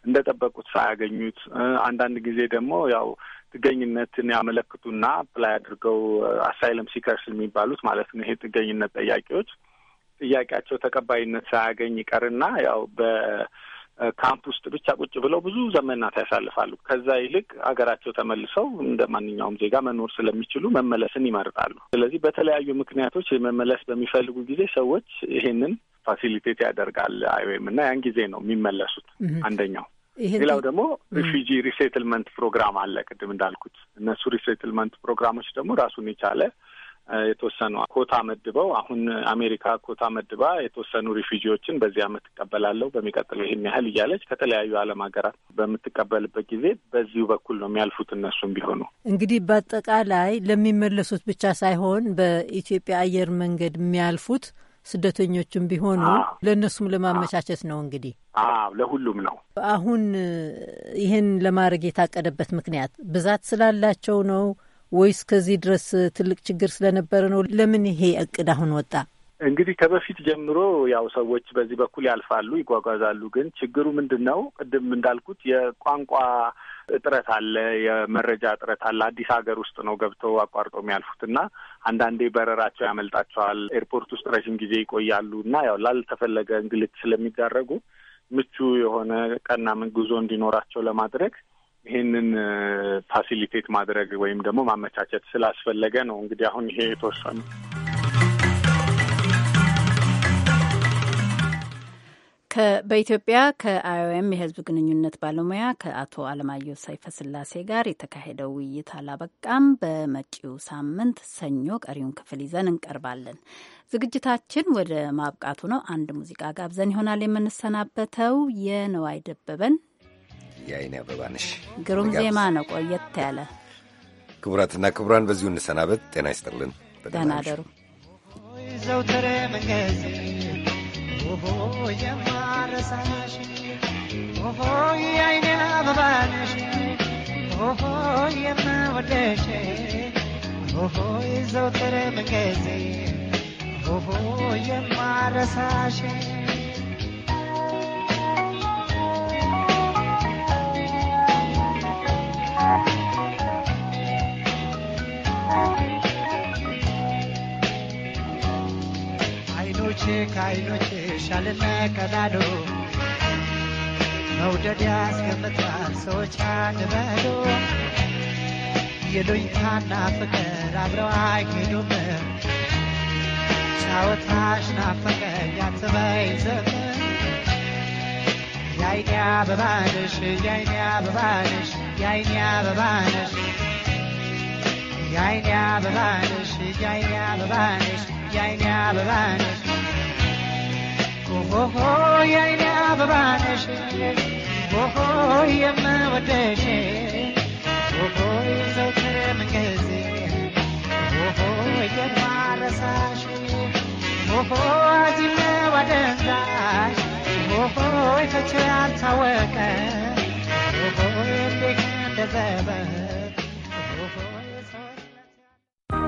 እንደጠበቁት ሳያገኙት አንዳንድ ጊዜ ደግሞ ያው ጥገኝነትን ያመለክቱና ፕላይ አድርገው አሳይለም ሲከርስ የሚባሉት ማለት ነው። ይሄ ጥገኝነት ጠያቂዎች ጥያቄያቸው ተቀባይነት ሳያገኝ ይቀርና ያው በ ካምፕ ውስጥ ብቻ ቁጭ ብለው ብዙ ዘመናት ያሳልፋሉ። ከዛ ይልቅ አገራቸው ተመልሰው እንደ ማንኛውም ዜጋ መኖር ስለሚችሉ መመለስን ይመርጣሉ። ስለዚህ በተለያዩ ምክንያቶች መመለስ በሚፈልጉ ጊዜ ሰዎች ይሄንን ፋሲሊቴት ያደርጋል አይወይም እና ያን ጊዜ ነው የሚመለሱት አንደኛው። ሌላው ደግሞ ሪፊጂ ሪሴትልመንት ፕሮግራም አለ። ቅድም እንዳልኩት እነሱ ሪሴትልመንት ፕሮግራሞች ደግሞ ራሱን የቻለ የተወሰኑ ኮታ መድበው አሁን አሜሪካ ኮታ መድባ የተወሰኑ ሪፊጂዎችን በዚህ ዓመት ትቀበላለሁ በሚቀጥለው ይህን ያህል እያለች ከተለያዩ ዓለም ሀገራት በምትቀበልበት ጊዜ በዚሁ በኩል ነው የሚያልፉት እነሱም ቢሆኑ እንግዲህ በአጠቃላይ ለሚመለሱት ብቻ ሳይሆን በኢትዮጵያ አየር መንገድ የሚያልፉት ስደተኞችም ቢሆኑ ለእነሱም ለማመቻቸት ነው። እንግዲህ አዎ ለሁሉም ነው። አሁን ይህን ለማድረግ የታቀደበት ምክንያት ብዛት ስላላቸው ነው ወይስ ከዚህ ድረስ ትልቅ ችግር ስለነበረ ነው? ለምን ይሄ እቅድ አሁን ወጣ? እንግዲህ ከበፊት ጀምሮ ያው ሰዎች በዚህ በኩል ያልፋሉ፣ ይጓጓዛሉ። ግን ችግሩ ምንድን ነው? ቅድም እንዳልኩት የቋንቋ እጥረት አለ፣ የመረጃ እጥረት አለ። አዲስ ሀገር ውስጥ ነው ገብተው አቋርጦ የሚያልፉት እና አንዳንዴ በረራቸው ያመልጣቸዋል። ኤርፖርት ውስጥ ረዥም ጊዜ ይቆያሉ እና ያው ላልተፈለገ እንግልት ስለሚዳረጉ ምቹ የሆነ ቀና ጉዞ እንዲኖራቸው ለማድረግ ይህንን ፋሲሊቴት ማድረግ ወይም ደግሞ ማመቻቸት ስላስፈለገ ነው። እንግዲህ አሁን ይሄ የተወሰኑ በኢትዮጵያ ከአይኦኤም የሕዝብ ግንኙነት ባለሙያ ከአቶ አለማየሁ ስላሴ ጋር የተካሄደው ውይይት አላበቃም። በመጪው ሳምንት ሰኞ ቀሪውን ክፍል ይዘን እንቀርባለን። ዝግጅታችን ወደ ማብቃቱ ነው። አንድ ሙዚቃ ጋብዘን ይሆናል የምንሰናበተው የነዋይ ደበበን የአይኔ አበባ ነሽ። ግሩም ዜማ ነው ቆየት ያለ። ክቡራትና ክቡራን በዚሁ እንሰናበት። ጤና ይስጥልን። ደህና አደሩ። ዘውትር መንገዜ የማረሳሽ የአይኔ አበባ ነሽ የማወደሽ ዘውትር መንገዜ የማረሳሽ አይኖች ከአይኖች ሻልና ቀዳዶ መውደድ ያስገምታል ሰዎች አንበዶ የሉኝታና ፍቅር አብረው አይሄዱም ጫወታሽ ናፈቀኝ አትበይ ዘፈን የአይኔ አበባነሽ የአይኔ አበባነሽ የአይኔ አበባነሽ የአይኔ አበባ ነሽ የአይኔ አበባ ነሽ የአይኔ አበባ ነሽ ኦሆ የአይኔ አበባ ነሽ ኦሆ የምወደሽ ኦሆ ዘውትር ምንጊዜ ኦሆ የማረሳሽ ኦሆ አዚመ ዋደንዛሽ ኦሆ ተቼ አልታወቀ ኦሆ ልክ እንደዘበን